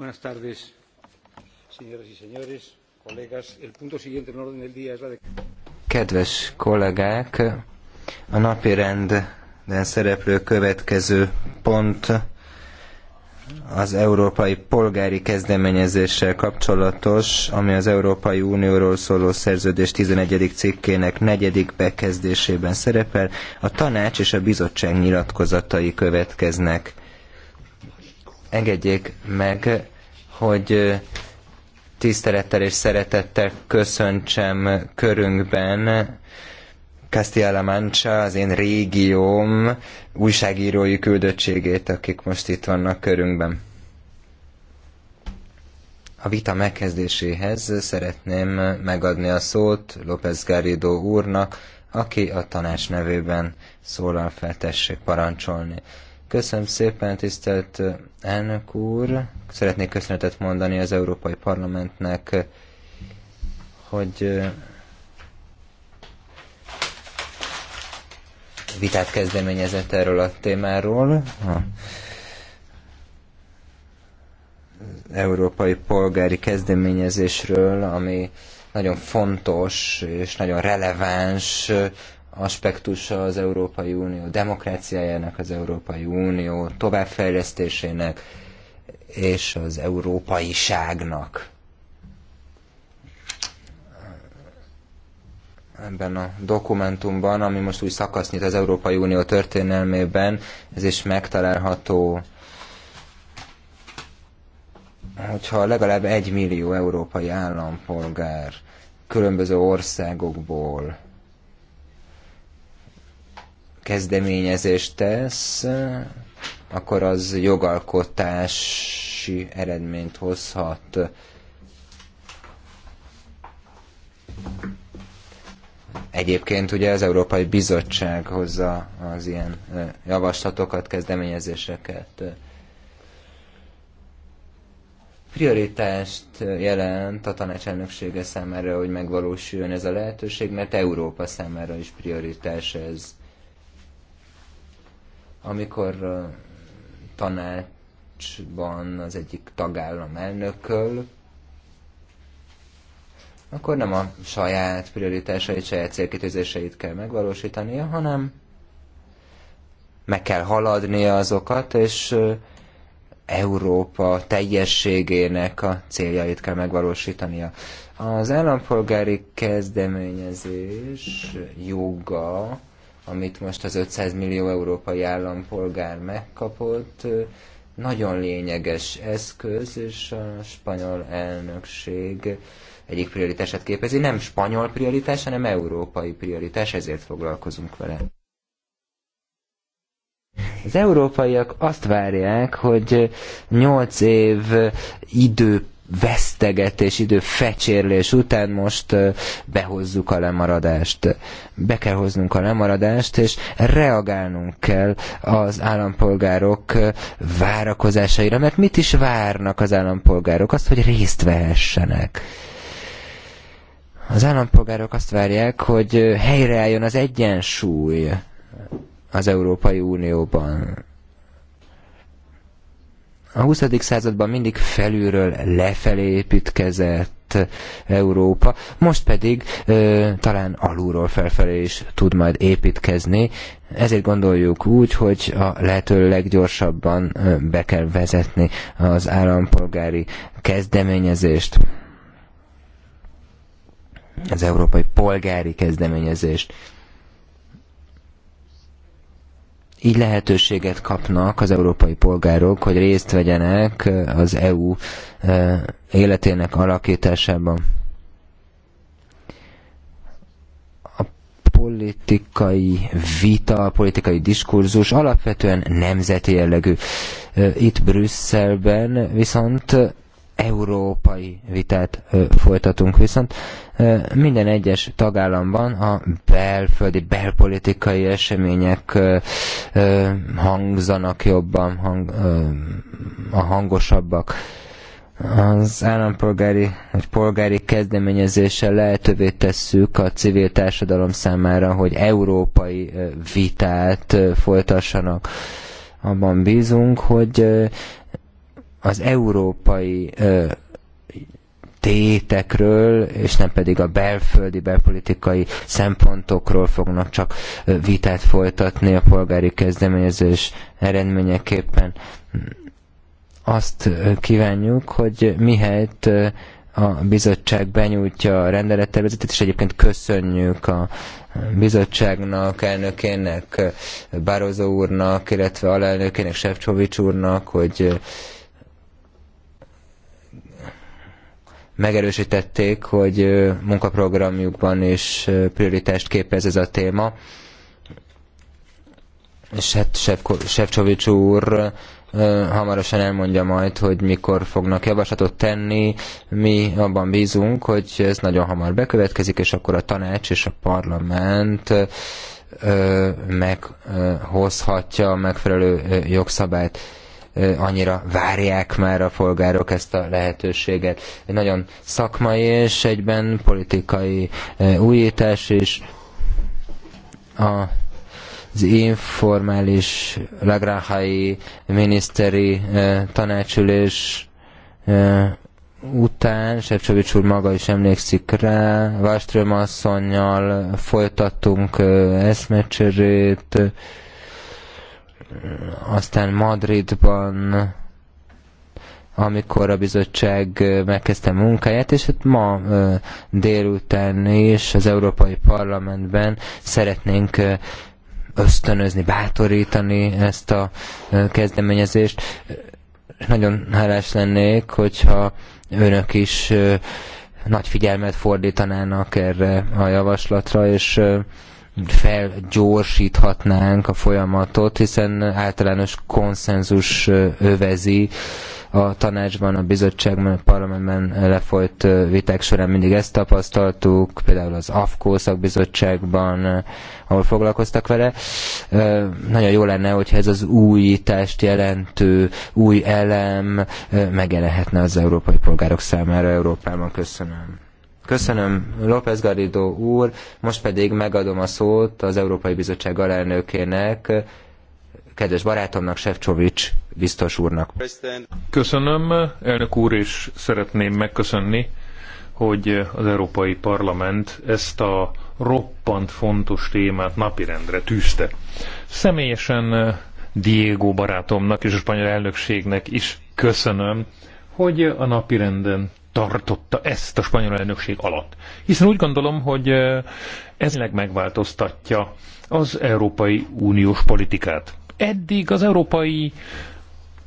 Buenas tardes, señoras y señores, colegas. El punto siguiente en orden del día es la de... Kedves kollégák, a napi rendben szereplő következő pont az európai polgári kezdeményezéssel kapcsolatos, ami az Európai Unióról szóló szerződés 11. cikkének negyedik bekezdésében szerepel. A tanács és a bizottság nyilatkozatai következnek engedjék meg, hogy tisztelettel és szeretettel köszöntsem körünkben Castilla-La Mancha, az én régióm újságírói küldöttségét, akik most itt vannak körünkben. A vita megkezdéséhez szeretném megadni a szót López Garrido úrnak, aki a tanács nevében szólal fel, tessék parancsolni. Köszönöm szépen, tisztelt elnök úr! Szeretnék köszönetet mondani az Európai Parlamentnek, hogy vitát kezdeményezett erről a témáról. Ha. Európai polgári kezdeményezésről, ami nagyon fontos és nagyon releváns aspektusa az Európai Unió demokráciájának, az Európai Unió továbbfejlesztésének és az európaiságnak. ebben a dokumentumban, ami most új szakasz nyit az Európai Unió történelmében, ez is megtalálható, hogyha legalább egy millió európai állampolgár különböző országokból kezdeményezést tesz, akkor az jogalkotási eredményt hozhat. Egyébként ugye az Európai Bizottság hozza az ilyen javaslatokat, kezdeményezéseket. Prioritást jelent a elnöksége számára, hogy megvalósuljon ez a lehetőség, mert Európa számára is prioritás ez. Amikor tanácsban az egyik tagállam elnököl, akkor nem a saját prioritásait, saját célkitűzéseit kell megvalósítania, hanem meg kell haladnia azokat, és Európa teljességének a céljait kell megvalósítania. Az állampolgári kezdeményezés joga amit most az 500 millió európai állampolgár megkapott, nagyon lényeges eszköz, és a spanyol elnökség egyik prioritását képezi. Nem spanyol prioritás, hanem európai prioritás, ezért foglalkozunk vele. Az európaiak azt várják, hogy 8 év idő vesztegetés idő, fecsérlés után most behozzuk a lemaradást. Be kell hoznunk a lemaradást, és reagálnunk kell az állampolgárok várakozásaira, mert mit is várnak az állampolgárok? Azt, hogy részt vehessenek. Az állampolgárok azt várják, hogy helyreálljon az egyensúly az Európai Unióban a 20. században mindig felülről lefelé építkezett Európa, most pedig ö, talán alulról felfelé is tud majd építkezni. Ezért gondoljuk úgy, hogy a lehető leggyorsabban ö, be kell vezetni az állampolgári kezdeményezést, az európai polgári kezdeményezést. Így lehetőséget kapnak az európai polgárok, hogy részt vegyenek az EU életének alakításában. a politikai vita, a politikai diskurzus alapvetően nemzeti jellegű. Itt Brüsszelben viszont európai vitát folytatunk, viszont minden egyes tagállamban a belföldi, belpolitikai események hangzanak jobban, hang, a hangosabbak az állampolgári vagy polgári kezdeményezéssel lehetővé tesszük a civil társadalom számára, hogy európai vitát folytassanak. Abban bízunk, hogy az európai tétekről, és nem pedig a belföldi, belpolitikai szempontokról fognak csak vitát folytatni a polgári kezdeményezés eredményeképpen. Azt kívánjuk, hogy mihelyt a bizottság benyújtja a rendelettervezetet, és egyébként köszönjük a bizottságnak, elnökének, Bározó úrnak, illetve alelnökének, Sefcsovics úrnak, hogy megerősítették, hogy munkaprogramjukban is prioritást képez ez a téma. És hát Sefcsovics úr hamarosan elmondja majd, hogy mikor fognak javaslatot tenni. Mi abban bízunk, hogy ez nagyon hamar bekövetkezik, és akkor a tanács és a parlament meghozhatja a megfelelő jogszabályt annyira várják már a polgárok ezt a lehetőséget. Egy nagyon szakmai és egyben politikai újítás is. A az informális Lagranhai miniszteri tanácsülés után, Sepcsovics úr maga is emlékszik rá, Váström asszonynal folytattunk eszmecserét, aztán Madridban amikor a bizottság megkezdte munkáját, és hát ma délután is az Európai Parlamentben szeretnénk ösztönözni, bátorítani ezt a kezdeményezést. Nagyon hálás lennék, hogyha önök is nagy figyelmet fordítanának erre a javaslatra, és felgyorsíthatnánk a folyamatot, hiszen általános konszenzus övezi a tanácsban, a bizottságban, a parlamentben lefolyt viták során mindig ezt tapasztaltuk, például az AFKO szakbizottságban, ahol foglalkoztak vele. Nagyon jó lenne, hogyha ez az újítást jelentő új elem megjelenhetne az európai polgárok számára Európában. Köszönöm. Köszönöm, López Garrido úr. Most pedig megadom a szót az Európai Bizottság alelnökének, kedves barátomnak, Sefcsovics biztos úrnak. Köszönöm, elnök úr, és szeretném megköszönni, hogy az Európai Parlament ezt a roppant fontos témát napirendre tűzte. Személyesen Diego barátomnak és a spanyol elnökségnek is köszönöm, hogy a napirenden tartotta ezt a spanyol elnökség alatt. Hiszen úgy gondolom, hogy ez megváltoztatja az Európai Uniós politikát. Eddig az európai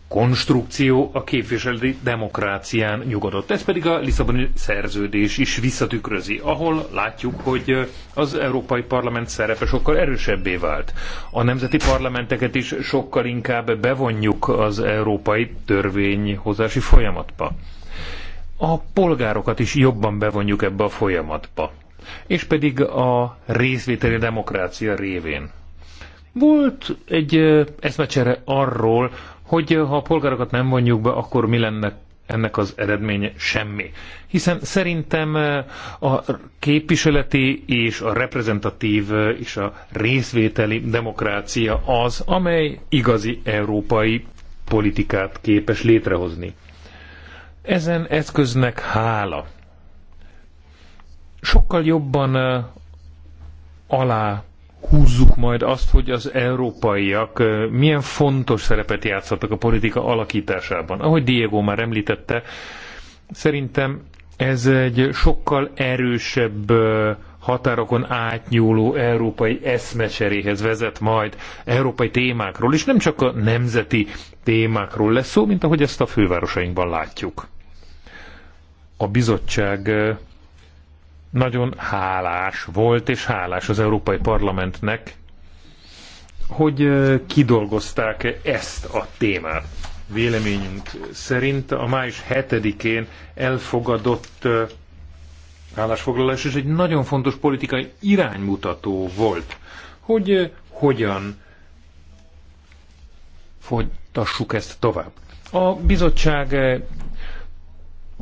konstrukció a képviseleti demokrácián nyugodott. Ez pedig a Lisszaboni szerződés is visszatükrözi, ahol látjuk, hogy az Európai Parlament szerepe sokkal erősebbé vált. A nemzeti parlamenteket is sokkal inkább bevonjuk az európai törvényhozási folyamatba a polgárokat is jobban bevonjuk ebbe a folyamatba. És pedig a részvételi demokrácia révén. Volt egy eszmecsere arról, hogy ha a polgárokat nem vonjuk be, akkor mi lenne ennek az eredménye semmi. Hiszen szerintem a képviseleti és a reprezentatív és a részvételi demokrácia az, amely igazi európai politikát képes létrehozni. Ezen eszköznek hála sokkal jobban alá húzzuk majd azt, hogy az európaiak milyen fontos szerepet játszhatnak a politika alakításában. Ahogy Diego már említette, szerintem ez egy sokkal erősebb határokon átnyúló európai eszmecseréhez vezet majd európai témákról, és nem csak a nemzeti témákról lesz szó, mint ahogy ezt a fővárosainkban látjuk a bizottság nagyon hálás volt, és hálás az Európai Parlamentnek, hogy kidolgozták ezt a témát. Véleményünk szerint a május 7-én elfogadott állásfoglalás és egy nagyon fontos politikai iránymutató volt, hogy hogyan folytassuk ezt tovább. A bizottság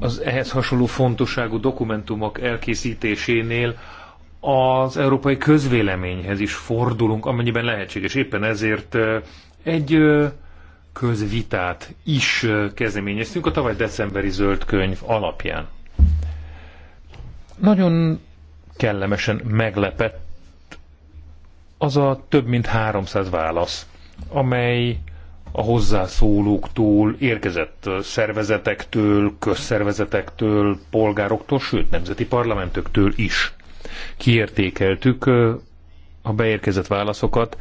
az ehhez hasonló fontosságú dokumentumok elkészítésénél az európai közvéleményhez is fordulunk, amennyiben lehetséges. Éppen ezért egy közvitát is kezdeményeztünk a tavaly decemberi zöld könyv alapján. Nagyon kellemesen meglepett az a több mint 300 válasz, amely a hozzászólóktól, érkezett szervezetektől, közszervezetektől, polgároktól, sőt nemzeti parlamentöktől is. Kiértékeltük a beérkezett válaszokat.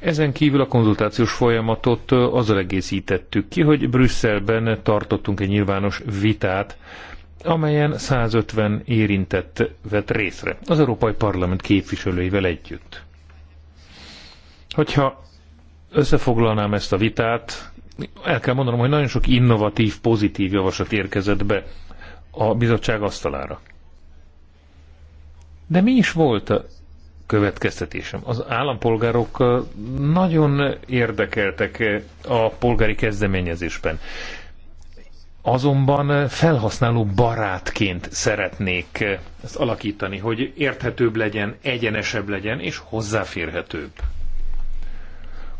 Ezen kívül a konzultációs folyamatot azzal egészítettük ki, hogy Brüsszelben tartottunk egy nyilvános vitát, amelyen 150 érintett vett részre, az Európai Parlament képviselőivel együtt. Hogyha összefoglalnám ezt a vitát, el kell mondanom, hogy nagyon sok innovatív, pozitív javaslat érkezett be a bizottság asztalára. De mi is volt a következtetésem? Az állampolgárok nagyon érdekeltek a polgári kezdeményezésben. Azonban felhasználó barátként szeretnék ezt alakítani, hogy érthetőbb legyen, egyenesebb legyen és hozzáférhetőbb.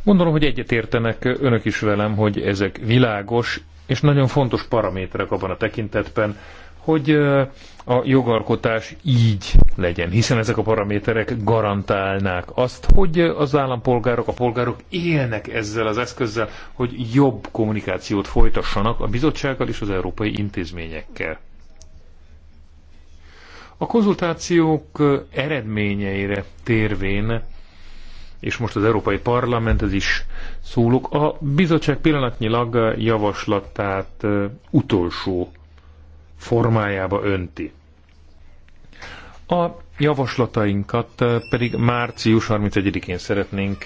Gondolom, hogy egyetértenek önök is velem, hogy ezek világos és nagyon fontos paraméterek abban a tekintetben, hogy a jogalkotás így legyen, hiszen ezek a paraméterek garantálnák azt, hogy az állampolgárok, a polgárok élnek ezzel az eszközzel, hogy jobb kommunikációt folytassanak a bizottsággal és az európai intézményekkel. A konzultációk eredményeire térvén és most az Európai Parlament, ez is szólok. A bizottság pillanatnyilag javaslatát utolsó formájába önti. A javaslatainkat pedig március 31-én szeretnénk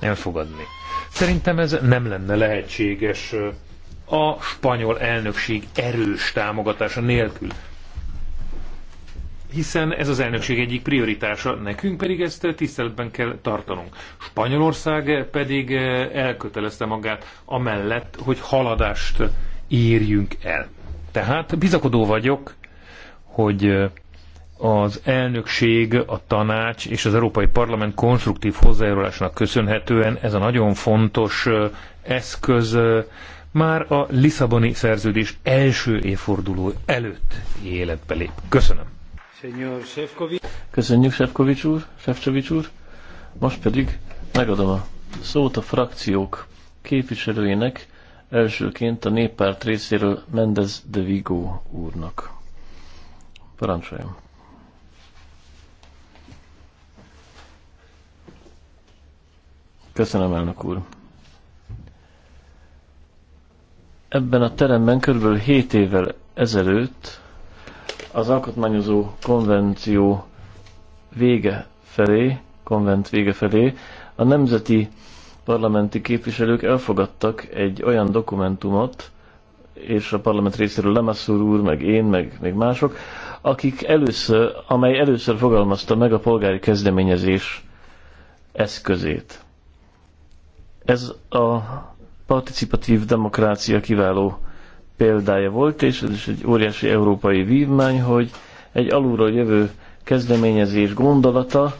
elfogadni. Szerintem ez nem lenne lehetséges a spanyol elnökség erős támogatása nélkül hiszen ez az elnökség egyik prioritása, nekünk pedig ezt tiszteletben kell tartanunk. Spanyolország pedig eh, elkötelezte magát amellett, hogy haladást érjünk el. Tehát bizakodó vagyok, hogy eh, az elnökség, a tanács és az Európai Parlament konstruktív hozzájárulásnak köszönhetően ez a nagyon fontos eh, eszköz már a Lisszaboni szerződés első évforduló előtt életbe lép. Köszönöm. Köszönjük, Sefkovics úr, Sefcsovics úr. Most pedig megadom a szót a frakciók képviselőjének, elsőként a néppárt részéről Mendez de Vigo úrnak. Parancsoljon! Köszönöm, elnök úr. Ebben a teremben körülbelül 7 évvel ezelőtt az alkotmányozó konvenció vége felé, konvent vége felé a nemzeti parlamenti képviselők elfogadtak egy olyan dokumentumot, és a parlament részéről Lemassur úr, meg én, meg még mások, akik először, amely először fogalmazta meg a polgári kezdeményezés eszközét. Ez a participatív demokrácia kiváló példája volt, és ez is egy óriási európai vívmány, hogy egy alulról jövő kezdeményezés gondolata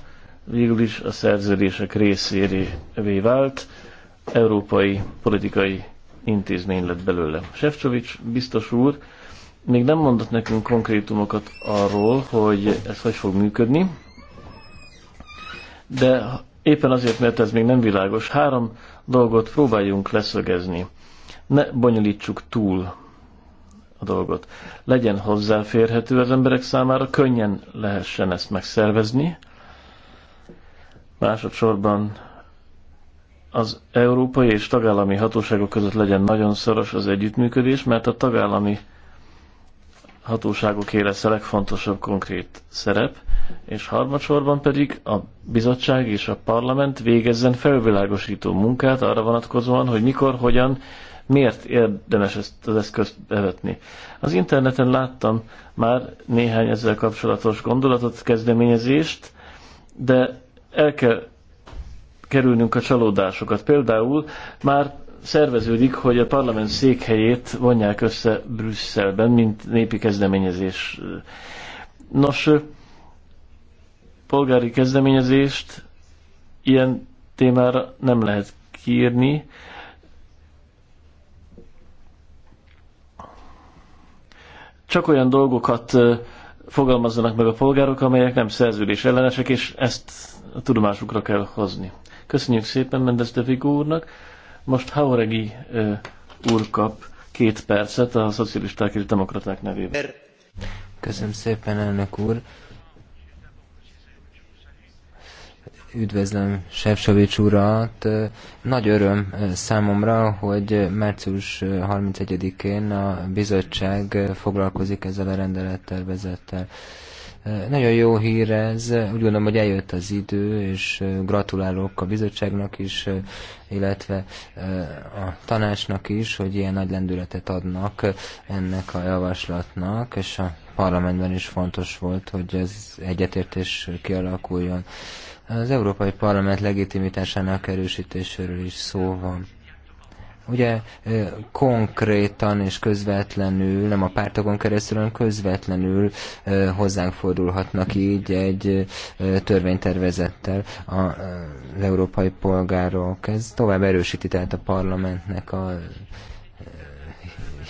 végül is a szerződések részévé vált, európai politikai intézmény lett belőle. Sefcsovics biztos úr még nem mondott nekünk konkrétumokat arról, hogy ez hogy fog működni, de éppen azért, mert ez még nem világos, három dolgot próbáljunk leszögezni. Ne bonyolítsuk túl a dolgot. Legyen hozzáférhető az emberek számára, könnyen lehessen ezt megszervezni. Másodszorban az európai és tagállami hatóságok között legyen nagyon szoros az együttműködés, mert a tagállami hatóságoké lesz a legfontosabb konkrét szerep, és harmadsorban pedig a bizottság és a parlament végezzen felvilágosító munkát arra vonatkozóan, hogy mikor, hogyan miért érdemes ezt az eszközt bevetni. Az interneten láttam már néhány ezzel kapcsolatos gondolatot, kezdeményezést, de el kell kerülnünk a csalódásokat. Például már szerveződik, hogy a parlament székhelyét vonják össze Brüsszelben, mint népi kezdeményezés. Nos, polgári kezdeményezést ilyen témára nem lehet kiírni, csak olyan dolgokat fogalmazzanak meg a polgárok, amelyek nem szerződés ellenesek, és ezt a tudomásukra kell hozni. Köszönjük szépen Mendes de Vigo úrnak. Most Hauregi úr kap két percet a szocialisták és demokraták nevében. Köszönöm szépen, elnök úr. Üdvözlöm Sefcsovics urat. Nagy öröm számomra, hogy március 31-én a bizottság foglalkozik ezzel a rendelettervezettel. Nagyon jó hír ez, úgy gondolom, hogy eljött az idő, és gratulálok a bizottságnak is, illetve a tanácsnak is, hogy ilyen nagy lendületet adnak ennek a javaslatnak, és a parlamentben is fontos volt, hogy ez egyetértés kialakuljon. Az Európai Parlament legitimitásának erősítéséről is szó van. Ugye konkrétan és közvetlenül, nem a pártokon keresztül, hanem közvetlenül hozzánk fordulhatnak így egy törvénytervezettel az európai polgárok. Ez tovább erősíti tehát a parlamentnek a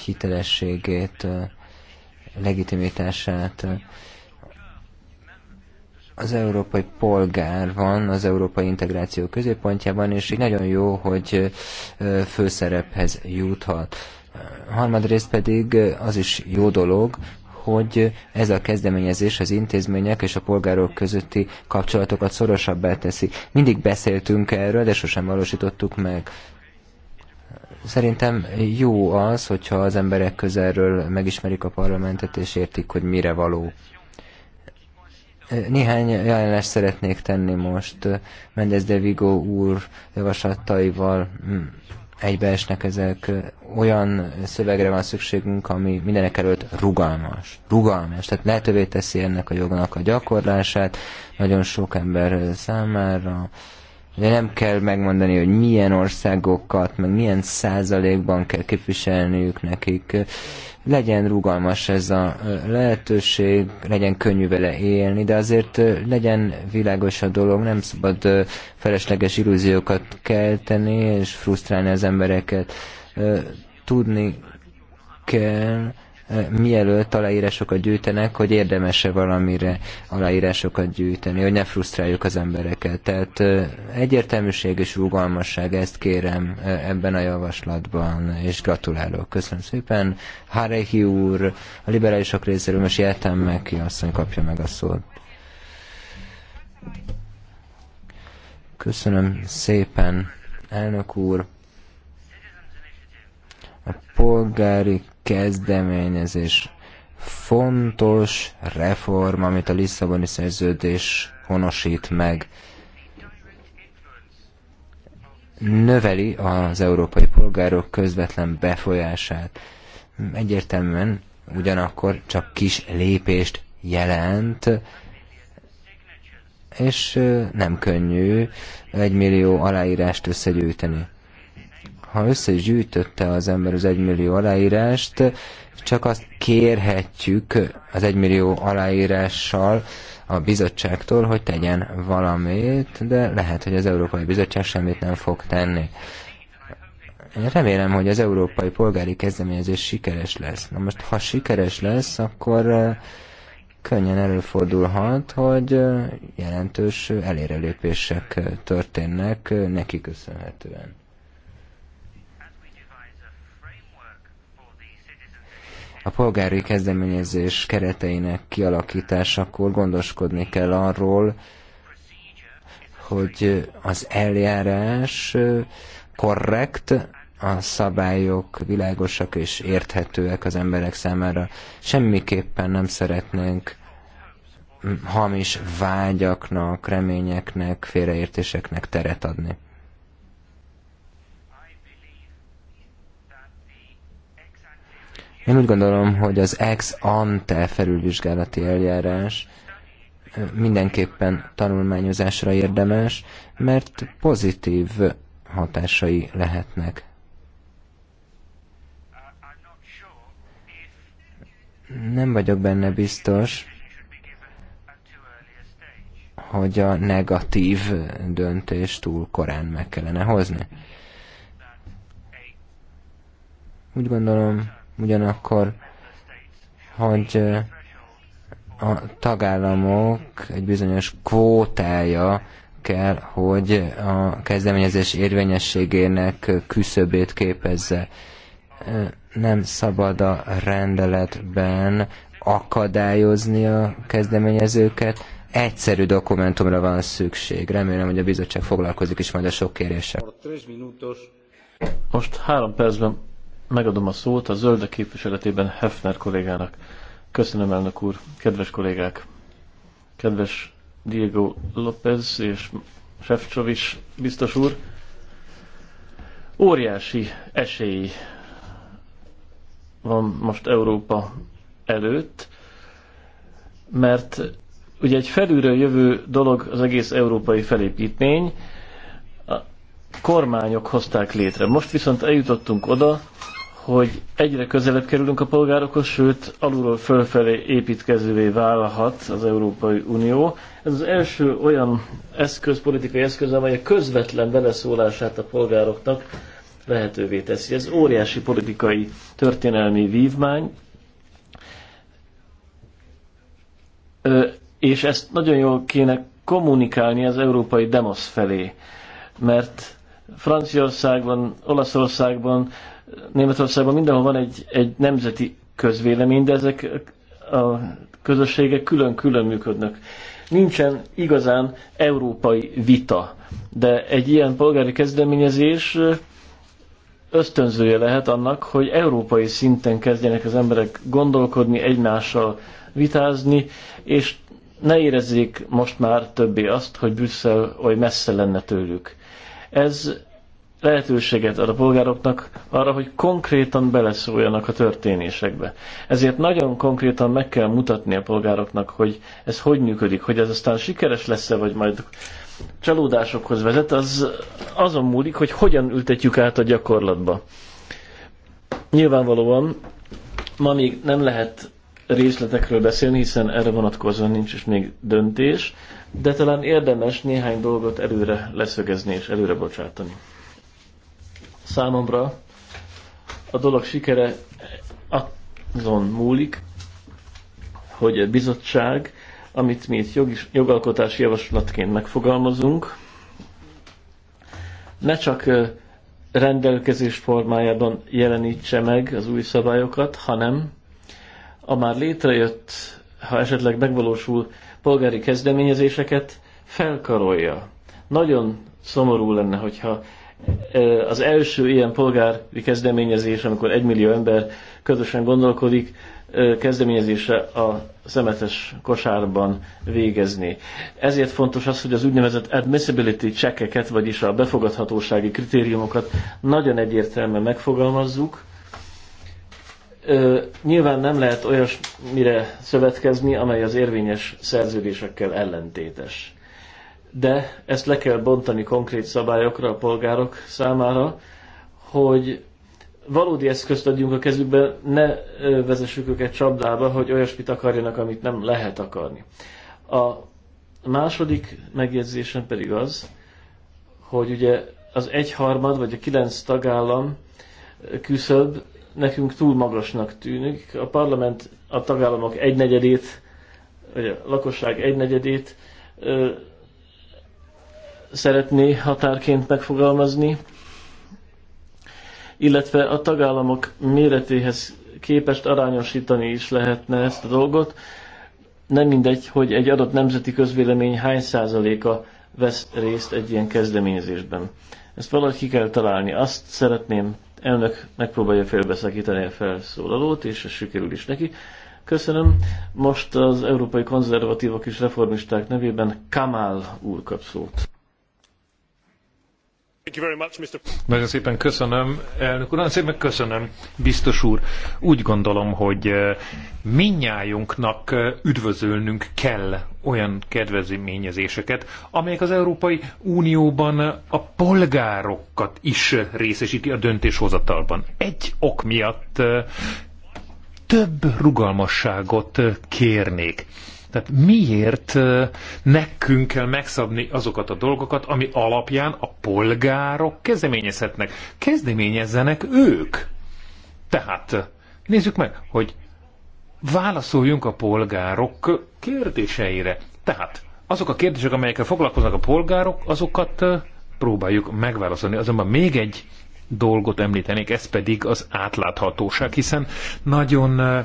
hitelességét, legitimitását az európai polgár van az európai integráció középpontjában, és így nagyon jó, hogy főszerephez juthat. Harmadrészt pedig az is jó dolog, hogy ez a kezdeményezés az intézmények és a polgárok közötti kapcsolatokat szorosabbá teszi. Mindig beszéltünk erről, de sosem valósítottuk meg. Szerintem jó az, hogyha az emberek közelről megismerik a parlamentet és értik, hogy mire való. Néhány ajánlást szeretnék tenni most. Mendez de Vigo úr javaslataival mm, egybeesnek ezek. Olyan szövegre van szükségünk, ami mindenek előtt rugalmas. Rugalmas, tehát lehetővé teszi ennek a jognak a gyakorlását nagyon sok ember számára de nem kell megmondani, hogy milyen országokat, meg milyen százalékban kell képviselniük nekik. Legyen rugalmas ez a lehetőség, legyen könnyű vele élni, de azért legyen világos a dolog, nem szabad felesleges illúziókat kelteni és frusztrálni az embereket. Tudni kell, Eh, mielőtt aláírásokat gyűjtenek, hogy érdemese valamire aláírásokat gyűjteni, hogy ne frusztráljuk az embereket. Tehát eh, egyértelműség és rugalmasság, ezt kérem eh, ebben a javaslatban, és gratulálok. Köszönöm szépen. Hárehi úr, a liberálisok részéről most jeltem meg, ki asszony kapja meg a szót. Köszönöm szépen, elnök úr. A polgári kezdeményezés fontos reform, amit a Lisszaboni szerződés honosít meg. Növeli az európai polgárok közvetlen befolyását. Egyértelműen ugyanakkor csak kis lépést jelent, és nem könnyű egy millió aláírást összegyűjteni ha össze is gyűjtötte az ember az egymillió aláírást, csak azt kérhetjük az egymillió aláírással a bizottságtól, hogy tegyen valamit, de lehet, hogy az Európai Bizottság semmit nem fog tenni. Én remélem, hogy az európai polgári kezdeményezés sikeres lesz. Na most, ha sikeres lesz, akkor eh, könnyen előfordulhat, hogy eh, jelentős elérelépések eh, történnek neki köszönhetően. a polgári kezdeményezés kereteinek kialakításakor gondoskodni kell arról, hogy az eljárás korrekt, a szabályok világosak és érthetőek az emberek számára. Semmiképpen nem szeretnénk hamis vágyaknak, reményeknek, félreértéseknek teret adni. Én úgy gondolom, hogy az ex ante felülvizsgálati eljárás mindenképpen tanulmányozásra érdemes, mert pozitív hatásai lehetnek. Nem vagyok benne biztos, hogy a negatív döntést túl korán meg kellene hozni. Úgy gondolom, ugyanakkor, hogy a tagállamok egy bizonyos kvótája kell, hogy a kezdeményezés érvényességének küszöbét képezze. Nem szabad a rendeletben akadályozni a kezdeményezőket, egyszerű dokumentumra van szükség. Remélem, hogy a bizottság foglalkozik is majd a sok kéréssel. Most három percben megadom a szót a zöldek képviseletében Hefner kollégának. Köszönöm, elnök úr, kedves kollégák, kedves Diego López és Sefcsovics biztos úr. Óriási esély van most Európa előtt, mert ugye egy felülről jövő dolog az egész európai felépítmény, a kormányok hozták létre. Most viszont eljutottunk oda, hogy egyre közelebb kerülünk a polgárokhoz, sőt alulról fölfelé építkezővé válhat az Európai Unió. Ez az első olyan eszköz, politikai eszköz, amely a közvetlen beleszólását a polgároknak lehetővé teszi. Ez óriási politikai történelmi vívmány, és ezt nagyon jól kéne kommunikálni az európai demosz felé, mert Franciaországban, Olaszországban, Németországban mindenhol van egy, egy nemzeti közvélemény, de ezek a közösségek külön-külön működnek. Nincsen igazán európai vita, de egy ilyen polgári kezdeményezés ösztönzője lehet annak, hogy európai szinten kezdjenek az emberek gondolkodni, egymással vitázni, és ne érezzék most már többé azt, hogy Brüsszel oly messze lenne tőlük. Ez lehetőséget ad a polgároknak arra, hogy konkrétan beleszóljanak a történésekbe. Ezért nagyon konkrétan meg kell mutatni a polgároknak, hogy ez hogy működik, hogy ez aztán sikeres lesz-e, vagy majd csalódásokhoz vezet, az azon múlik, hogy hogyan ültetjük át a gyakorlatba. Nyilvánvalóan ma még nem lehet részletekről beszélni, hiszen erre vonatkozóan nincs is még döntés, de talán érdemes néhány dolgot előre leszögezni és előre bocsátani számomra a dolog sikere azon múlik, hogy a bizottság, amit mi itt jogis, jogalkotási javaslatként megfogalmazunk, ne csak rendelkezés formájában jelenítse meg az új szabályokat, hanem a már létrejött, ha esetleg megvalósul polgári kezdeményezéseket felkarolja. Nagyon szomorú lenne, hogyha az első ilyen polgári kezdeményezés, amikor egymillió ember közösen gondolkodik, kezdeményezése a szemetes kosárban végezni. Ezért fontos az, hogy az úgynevezett admissibility checkeket, vagyis a befogadhatósági kritériumokat nagyon egyértelműen megfogalmazzuk. Nyilván nem lehet olyasmire szövetkezni, amely az érvényes szerződésekkel ellentétes de ezt le kell bontani konkrét szabályokra a polgárok számára, hogy valódi eszközt adjunk a kezükbe, ne vezessük őket csapdába, hogy olyasmit akarjanak, amit nem lehet akarni. A második megjegyzésem pedig az, hogy ugye az egyharmad vagy a kilenc tagállam küszöb nekünk túl magasnak tűnik. A parlament a tagállamok egynegyedét, vagy a lakosság egynegyedét szeretné határként megfogalmazni, illetve a tagállamok méretéhez képest arányosítani is lehetne ezt a dolgot. Nem mindegy, hogy egy adott nemzeti közvélemény hány százaléka vesz részt egy ilyen kezdeményezésben. Ezt valahogy ki kell találni. Azt szeretném, elnök megpróbálja félbeszakítani a felszólalót, és ez sikerül is neki. Köszönöm. Most az európai konzervatívok és reformisták nevében Kamal úr kap szót. Nagyon szépen köszönöm, elnök úr, nagyon szépen köszönöm, biztos úr. Úgy gondolom, hogy eh, minnyájunknak eh, üdvözölnünk kell olyan kedvezményezéseket, amelyek az Európai Unióban eh, a polgárokat is részesíti a döntéshozatalban. Egy ok miatt több rugalmasságot kérnék tehát miért nekünk kell megszabni azokat a dolgokat, ami alapján a polgárok kezdeményezhetnek? Kezdeményezzenek ők. Tehát nézzük meg, hogy válaszoljunk a polgárok kérdéseire. Tehát azok a kérdések, amelyekkel foglalkoznak a polgárok, azokat próbáljuk megválaszolni. Azonban még egy dolgot említenék, ez pedig az átláthatóság, hiszen nagyon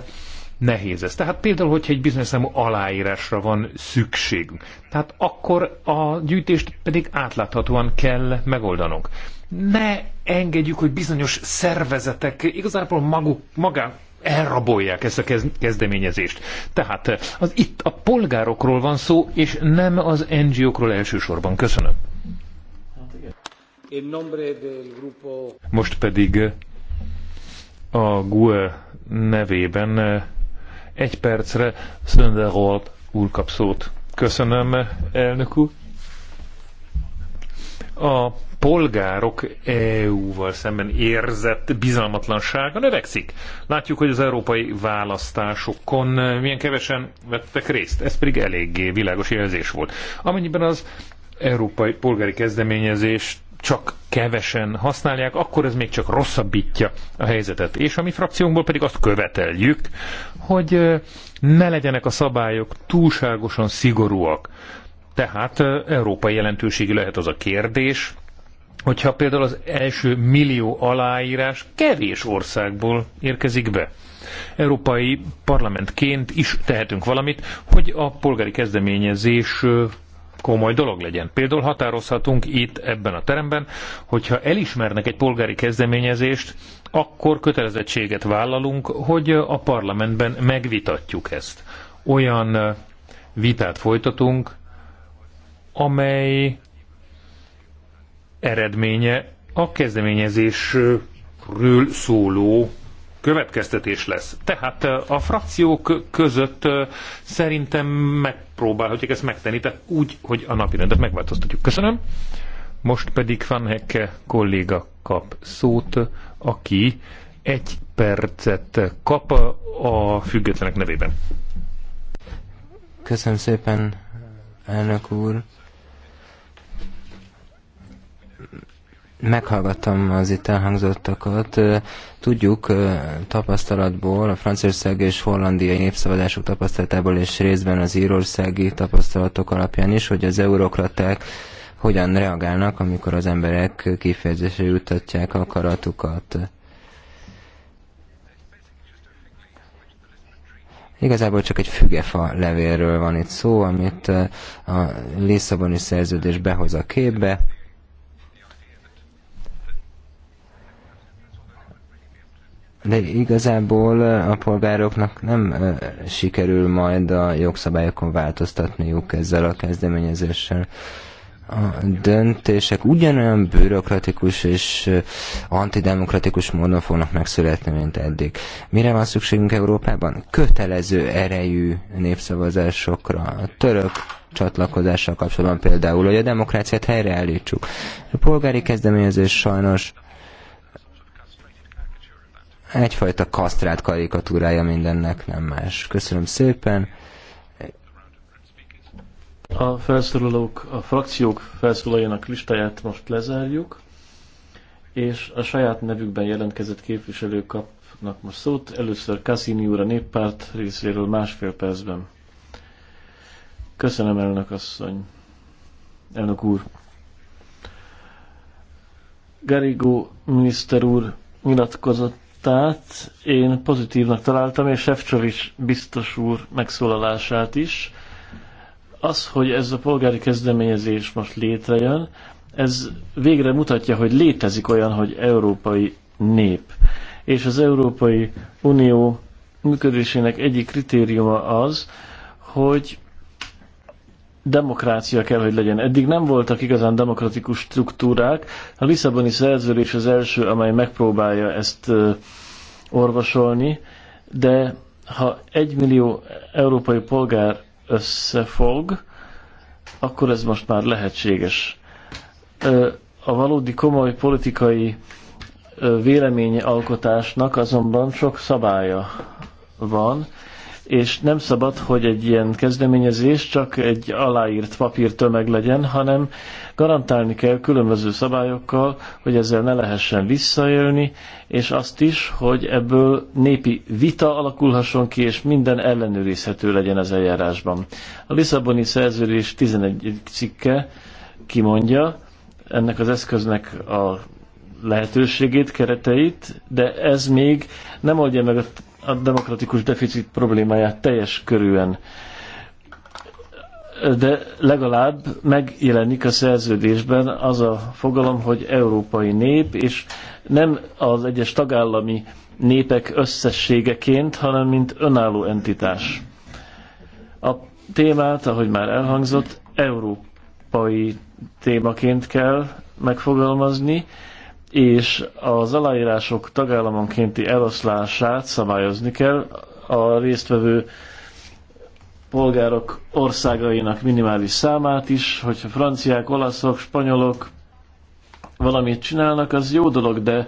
nehéz ez. Tehát például, hogyha egy bizonyos számú aláírásra van szükségünk, tehát akkor a gyűjtést pedig átláthatóan kell megoldanunk. Ne engedjük, hogy bizonyos szervezetek igazából maguk, magán elrabolják ezt a kezdeményezést. Tehát az itt a polgárokról van szó, és nem az NGO-król elsősorban. Köszönöm. Most pedig a GUE nevében egy percre Sönderhol úr Köszönöm, elnök úr. A polgárok EU-val szemben érzett bizalmatlansága növekszik. Látjuk, hogy az európai választásokon eh, milyen kevesen vettek részt. Ez pedig eléggé világos jelzés volt. Amennyiben az európai polgári kezdeményezést csak kevesen használják, akkor ez még csak rosszabbítja a helyzetet. És a mi frakciónkból pedig azt követeljük, hogy ne legyenek a szabályok túlságosan szigorúak. Tehát európai jelentőségi lehet az a kérdés, hogyha például az első millió aláírás kevés országból érkezik be. Európai parlamentként is tehetünk valamit, hogy a polgári kezdeményezés komoly dolog legyen. Például határozhatunk itt ebben a teremben, hogyha elismernek egy polgári kezdeményezést, akkor kötelezettséget vállalunk, hogy a parlamentben megvitatjuk ezt. Olyan vitát folytatunk, amely eredménye a kezdeményezésről szóló következtetés lesz. Tehát eh, a frakciók között eh, szerintem megpróbálhatjuk ezt megtenni, tehát úgy, hogy a napi rendet megváltoztatjuk. Köszönöm. Most pedig Van Hecke kolléga kap szót, aki egy percet kap a függetlenek nevében. Köszönöm szépen, elnök úr. meghallgattam az itt elhangzottakat. Tudjuk tapasztalatból, a Franciaország és Hollandiai népszabadások tapasztalatából és részben az írországi tapasztalatok alapján is, hogy az eurokraták hogyan reagálnak, amikor az emberek kifejezésre jutatják akaratukat. Igazából csak egy fügefa levélről van itt szó, amit a Lisszaboni szerződés behoz a képbe, de igazából a polgároknak nem sikerül majd a jogszabályokon változtatniuk ezzel a kezdeményezéssel. A döntések ugyanolyan bürokratikus és antidemokratikus módon fognak megszületni, mint eddig. Mire van szükségünk Európában? Kötelező erejű népszavazásokra. A török csatlakozással kapcsolatban például, hogy a demokráciát helyreállítsuk. A polgári kezdeményezés sajnos egyfajta kasztrát karikatúrája mindennek, nem más. Köszönöm szépen. A felszólalók, a frakciók felszólalójának listáját most lezárjuk, és a saját nevükben jelentkezett képviselők kapnak most szót. Először Cassini úr a néppárt részéről másfél percben. Köszönöm, elnök asszony. Elnök úr. Garigó miniszter úr nyilatkozott tehát én pozitívnak találtam, és Sefcsovics biztos úr megszólalását is. Az, hogy ez a polgári kezdeményezés most létrejön, ez végre mutatja, hogy létezik olyan, hogy európai nép. És az Európai Unió működésének egyik kritériuma az, hogy demokrácia kell, hogy legyen. Eddig nem voltak igazán demokratikus struktúrák. A Lisszaboni szerződés az első, amely megpróbálja ezt orvosolni, de ha egy millió európai polgár összefog, akkor ez most már lehetséges. A valódi komoly politikai véleményalkotásnak azonban sok szabálya van, és nem szabad, hogy egy ilyen kezdeményezés csak egy aláírt papírtömeg legyen, hanem garantálni kell különböző szabályokkal, hogy ezzel ne lehessen visszaélni, és azt is, hogy ebből népi vita alakulhasson ki, és minden ellenőrizhető legyen az eljárásban. A Lisszaboni szerződés 11. cikke kimondja ennek az eszköznek a lehetőségét, kereteit, de ez még nem oldja meg a a demokratikus deficit problémáját teljes körűen, de legalább megjelenik a szerződésben az a fogalom, hogy európai nép, és nem az egyes tagállami népek összességeként, hanem mint önálló entitás. A témát, ahogy már elhangzott, európai témaként kell megfogalmazni, és az aláírások tagállamonkénti eloszlását szabályozni kell a résztvevő polgárok országainak minimális számát is, hogyha franciák, olaszok, spanyolok valamit csinálnak, az jó dolog, de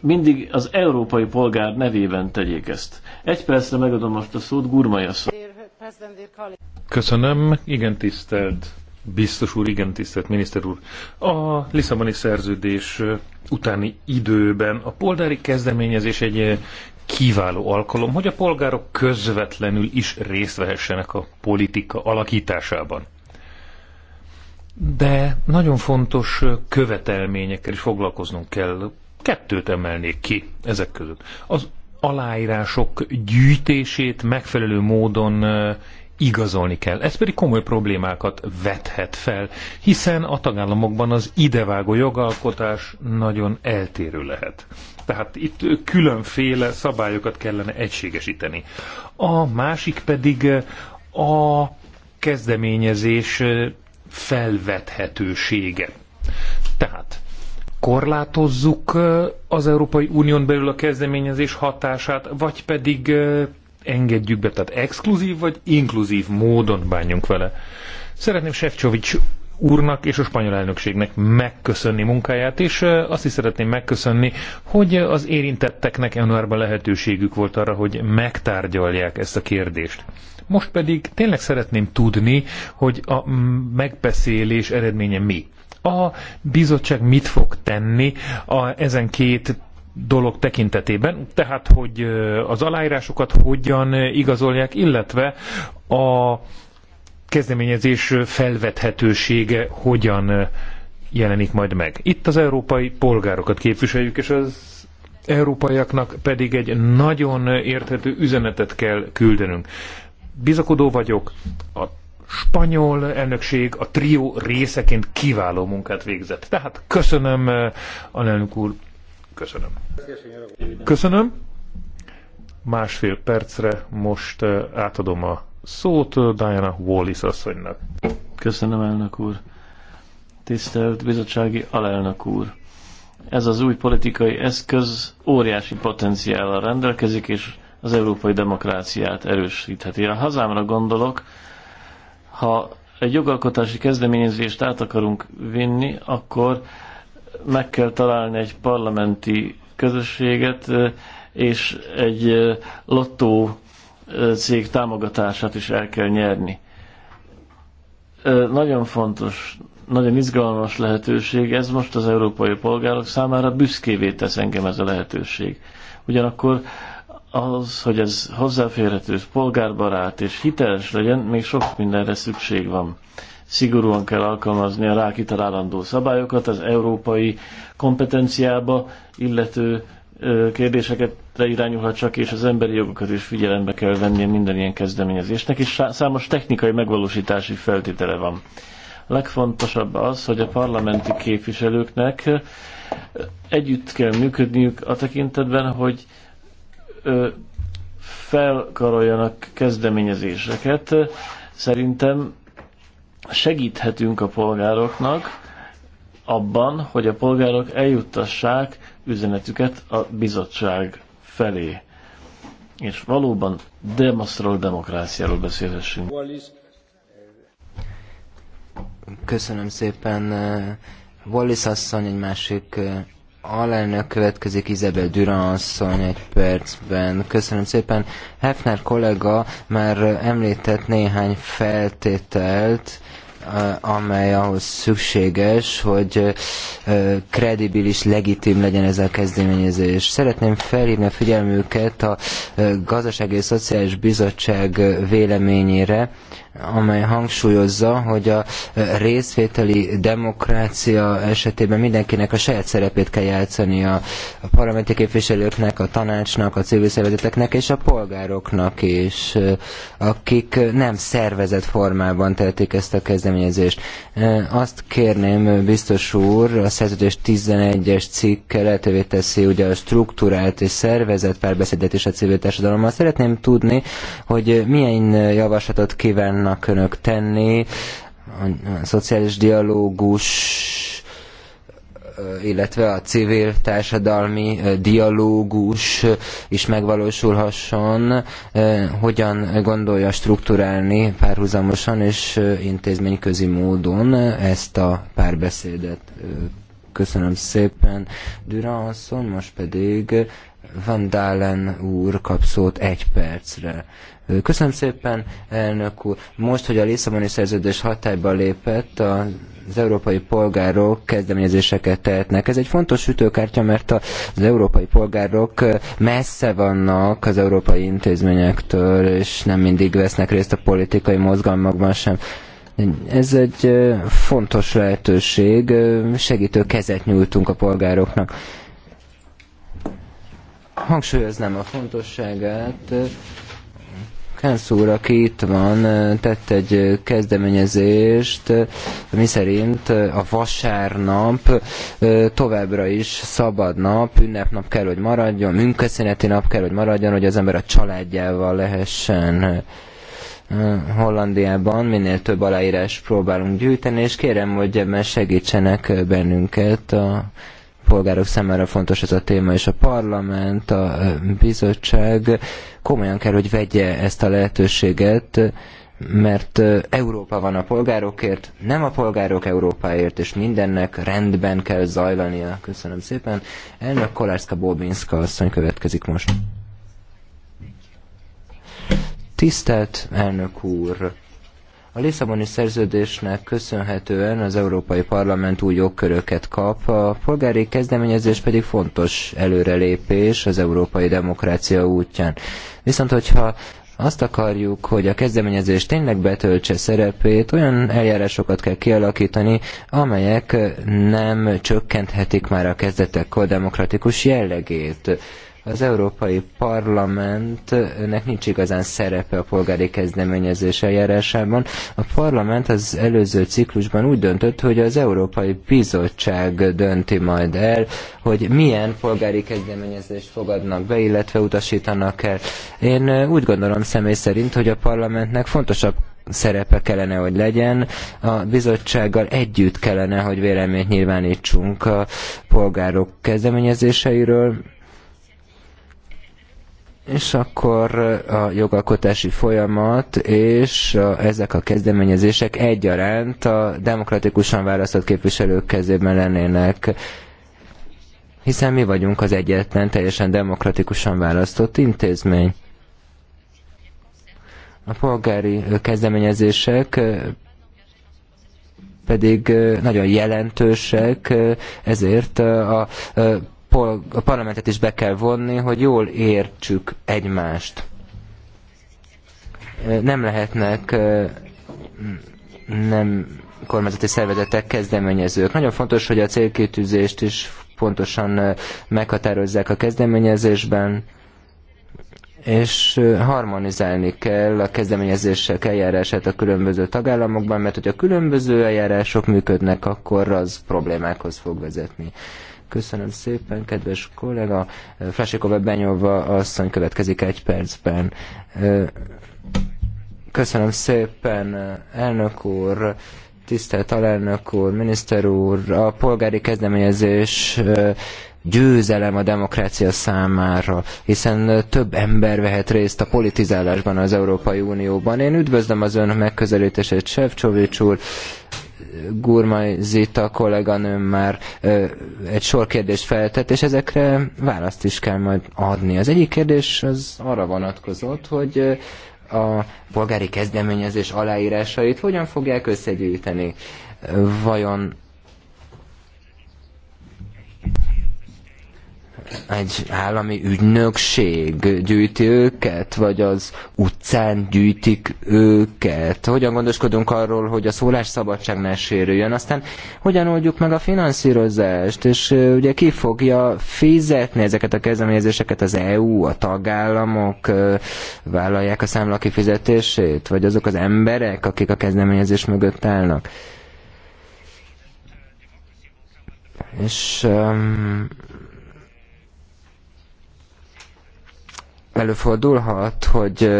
mindig az európai polgár nevében tegyék ezt. Egy percre megadom most a szót Gurmai Köszönöm, igen tisztelt Biztos úr, igen, tisztelt miniszter úr. A Lisszaboni szerződés utáni időben a polgári kezdeményezés egy kiváló alkalom, hogy a polgárok közvetlenül is részt vehessenek a politika alakításában. De nagyon fontos követelményekkel is foglalkoznunk kell. Kettőt emelnék ki ezek között. Az aláírások gyűjtését megfelelő módon igazolni kell. Ez pedig komoly problémákat vethet fel, hiszen a tagállamokban az idevágó jogalkotás nagyon eltérő lehet. Tehát itt különféle szabályokat kellene egységesíteni. A másik pedig eh, a kezdeményezés eh, felvethetősége. Tehát korlátozzuk eh, az Európai Unión belül a kezdeményezés hatását, vagy pedig engedjük be, tehát exkluzív vagy inkluzív módon bánjunk vele. Szeretném Sefcsovics úrnak és a spanyol elnökségnek megköszönni munkáját, és azt is szeretném megköszönni, hogy az érintetteknek januárban lehetőségük volt arra, hogy megtárgyalják ezt a kérdést. Most pedig tényleg szeretném tudni, hogy a megbeszélés eredménye mi. A bizottság mit fog tenni a ezen két dolog tekintetében, tehát hogy az aláírásokat hogyan igazolják, illetve a kezdeményezés felvethetősége hogyan jelenik majd meg. Itt az európai polgárokat képviseljük, és az európaiaknak pedig egy nagyon érthető üzenetet kell küldenünk. Bizakodó vagyok, a spanyol elnökség a trió részeként kiváló munkát végzett. Tehát köszönöm, a úr, Köszönöm. Köszönöm. Másfél percre most eh, átadom a szót eh, Diana Wallis asszonynak. Köszönöm, elnök úr. Tisztelt bizottsági alelnök úr. Ez az új politikai eszköz óriási potenciállal rendelkezik, és az európai demokráciát erősítheti. A hazámra gondolok, ha egy jogalkotási kezdeményezést át akarunk vinni, akkor meg kell találni egy parlamenti közösséget, és egy lottó cég támogatását is el kell nyerni. Nagyon fontos, nagyon izgalmas lehetőség, ez most az európai polgárok számára büszkévé tesz engem ez a lehetőség. Ugyanakkor az, hogy ez hozzáférhető, polgárbarát és hiteles legyen, még sok mindenre szükség van szigorúan kell alkalmazni a rá kitalálandó szabályokat, az európai kompetenciába illető kérdéseket irányulhat csak, és az emberi jogokat is figyelembe kell venni minden ilyen kezdeményezésnek, és számos technikai megvalósítási feltétele van. Legfontosabb az, hogy a parlamenti képviselőknek együtt kell működniük a tekintetben, hogy felkaroljanak kezdeményezéseket. Szerintem segíthetünk a polgároknak abban, hogy a polgárok eljuttassák üzenetüket a bizottság felé. És valóban demasztról demokráciáról beszélhessünk. Köszönöm szépen. Eh, Wallis asszony, egy másik eh, alelnök következik, Izabel Durán asszony egy percben. Köszönöm szépen. Hefner kollega már eh, említett néhány feltételt, amely ahhoz szükséges, hogy kredibilis, legitim legyen ez a kezdeményezés. Szeretném felhívni a figyelmüket a Gazdasági és Szociális Bizottság véleményére, amely hangsúlyozza, hogy a részvételi demokrácia esetében mindenkinek a saját szerepét kell játszani a, a parlamenti képviselőknek, a tanácsnak, a civil szervezeteknek és a polgároknak is, akik nem szervezett formában tehetik ezt a kezdeményezést kezdeményezést. Azt kérném, biztos úr, a szerződés 11-es cikke lehetővé teszi ugye a struktúrált és szervezett párbeszédet is a civil társadalommal. Szeretném tudni, hogy milyen javaslatot kívánnak önök tenni a szociális dialógus illetve a civil társadalmi dialógus is megvalósulhasson, hogyan gondolja strukturálni párhuzamosan és intézményközi módon ezt a párbeszédet. Köszönöm szépen. Duranson, most pedig Van Dalen úr kap szót egy percre. Köszönöm szépen, elnök úr. Most, hogy a Lisszaboni szerződés hatályba lépett, a az európai polgárok kezdeményezéseket tehetnek. Ez egy fontos ütőkártya, mert az európai polgárok messze vannak az európai intézményektől, és nem mindig vesznek részt a politikai mozgalmakban sem. Ez egy fontos lehetőség, segítő kezet nyújtunk a polgároknak. Hangsúlyoznám a fontosságát Kánsz úr, aki itt van, tett egy kezdeményezést, mi szerint a vasárnap továbbra is szabad nap, ünnepnap kell, hogy maradjon, munkaszüneti nap kell, hogy maradjon, hogy az ember a családjával lehessen Hollandiában minél több aláírás próbálunk gyűjteni, és kérem, hogy ebben segítsenek bennünket a polgárok számára fontos ez a téma, és a parlament, a bizottság komolyan kell, hogy vegye ezt a lehetőséget, mert Európa van a polgárokért, nem a polgárok Európáért, és mindennek rendben kell zajlania. Köszönöm szépen. Elnök Kolárszka Bobinska asszony következik most. Tisztelt elnök úr! A Lisszaboni szerződésnek köszönhetően az Európai Parlament új jogköröket kap, a polgári kezdeményezés pedig fontos előrelépés az európai demokrácia útján. Viszont, hogyha azt akarjuk, hogy a kezdeményezés tényleg betöltse szerepét, olyan eljárásokat kell kialakítani, amelyek nem csökkenthetik már a kezdetekkor demokratikus jellegét. Az Európai Parlamentnek nincs igazán szerepe a polgári kezdeményezés eljárásában. A parlament az előző ciklusban úgy döntött, hogy az Európai Bizottság dönti majd el, hogy milyen polgári kezdeményezést fogadnak be, illetve utasítanak el. Én úgy gondolom személy szerint, hogy a parlamentnek fontosabb szerepe kellene, hogy legyen. A bizottsággal együtt kellene, hogy véleményt nyilvánítsunk a polgárok kezdeményezéseiről, és akkor a jogalkotási folyamat és a, ezek a kezdeményezések egyaránt a demokratikusan választott képviselők kezében lennének, hiszen mi vagyunk az egyetlen teljesen demokratikusan választott intézmény. A polgári kezdeményezések pedig nagyon jelentősek, ezért a a parlamentet is be kell vonni, hogy jól értsük egymást. Nem lehetnek nem kormányzati szervezetek kezdeményezők. Nagyon fontos, hogy a célkitűzést is pontosan meghatározzák a kezdeményezésben, és harmonizálni kell a kezdeményezések eljárását a különböző tagállamokban, mert hogyha különböző eljárások működnek, akkor az problémákhoz fog vezetni. Köszönöm szépen, kedves kollega. Flasikova Benyova asszony következik egy percben. Köszönöm szépen, elnök úr, tisztelt alelnök úr, miniszter úr, a polgári kezdeményezés győzelem a demokrácia számára, hiszen több ember vehet részt a politizálásban az Európai Unióban. Én üdvözlöm az ön megközelítését, Sevcsovics úr, Gurmai Zita kolléganőm már egy sor kérdést feltett, és ezekre választ is kell majd adni. Az egyik kérdés az arra vonatkozott, hogy a polgári kezdeményezés aláírásait hogyan fogják összegyűjteni. Vajon egy állami ügynökség gyűjti őket, vagy az utcán gyűjtik őket? Hogyan gondoskodunk arról, hogy a szólásszabadság ne sérüljön? Aztán hogyan oldjuk meg a finanszírozást? És ugye ki fogja fizetni ezeket a kezdeményezéseket? Az EU, a tagállamok vállalják a számla kifizetését? Vagy azok az emberek, akik a kezdeményezés mögött állnak? És um, előfordulhat, hogy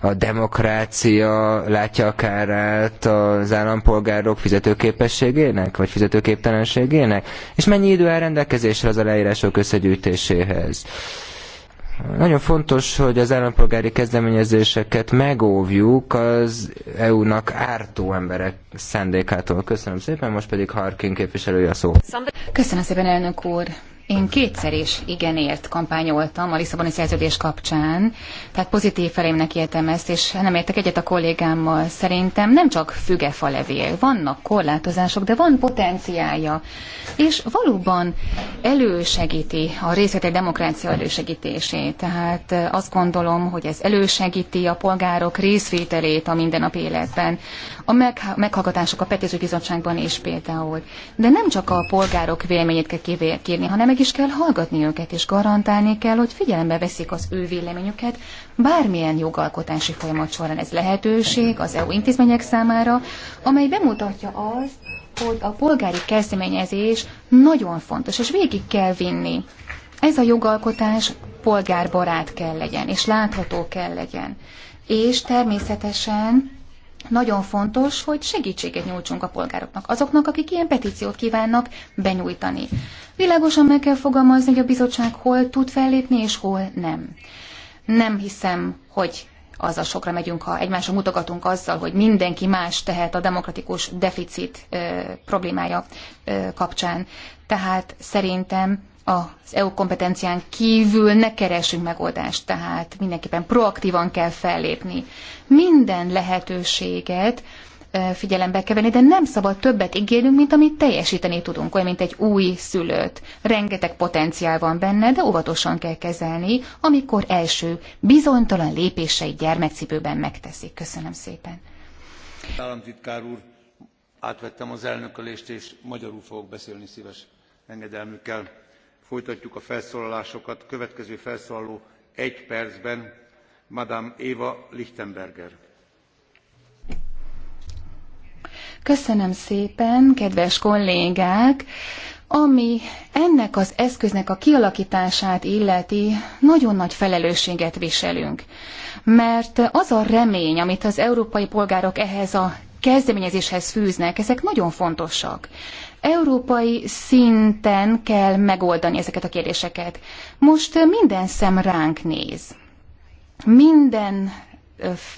a demokrácia látja a kárát az állampolgárok fizetőképességének, vagy fizetőképtelenségének? És mennyi idő áll rendelkezésre az aláírások összegyűjtéséhez? Nagyon fontos, hogy az állampolgári kezdeményezéseket megóvjuk az EU-nak ártó emberek szándékától. Köszönöm szépen, most pedig Harkin képviselője a szó. Köszönöm szépen, elnök úr. Én kétszer is igenért kampányoltam a Lisszaboni szerződés kapcsán, tehát pozitív felémnek éltem ezt, és nem értek egyet a kollégámmal. Szerintem nem csak fügefa levél, vannak korlátozások, de van potenciálja, és valóban elősegíti a részletek demokrácia elősegítését. Tehát eh, azt gondolom, hogy ez elősegíti a polgárok részvételét a mindennapi életben a meghallgatások a Petéző bizottságban is például. De nem csak a polgárok véleményét kell kérni, hanem meg is kell hallgatni őket, és garantálni kell, hogy figyelembe veszik az ő véleményüket, bármilyen jogalkotási folyamat során ez lehetőség az EU intézmények számára, amely bemutatja azt, hogy a polgári kezdeményezés nagyon fontos, és végig kell vinni. Ez a jogalkotás polgárbarát kell legyen, és látható kell legyen. És természetesen nagyon fontos, hogy segítséget nyújtsunk a polgároknak, azoknak, akik ilyen petíciót kívánnak benyújtani. Világosan meg kell fogalmazni, hogy a bizottság hol tud fellépni és hol nem. Nem hiszem, hogy azzal sokra megyünk, ha egymásra mutogatunk azzal, hogy mindenki más tehet a demokratikus deficit problémája kapcsán. Tehát szerintem az EU kompetencián kívül ne keresünk megoldást, tehát mindenképpen proaktívan kell fellépni. Minden lehetőséget, figyelembe kell venni, de nem szabad többet ígérnünk, mint amit teljesíteni tudunk, olyan, mint egy új szülőt. Rengeteg potenciál van benne, de óvatosan kell kezelni, amikor első bizonytalan lépéseit gyermekcipőben megteszik. Köszönöm szépen. Államtitkár úr, átvettem az elnökölést, és magyarul fogok beszélni szíves engedelmükkel. Folytatjuk a felszólalásokat. Következő felszólaló egy percben, Madame Eva Lichtenberger Köszönöm szépen, kedves kollégák! Ami ennek az eszköznek a kialakítását illeti, nagyon nagy felelősséget viselünk. Mert az a remény, amit az európai polgárok ehhez a kezdeményezéshez fűznek, ezek nagyon fontosak. Európai szinten kell megoldani ezeket a kérdéseket. Most minden szem ránk néz. Minden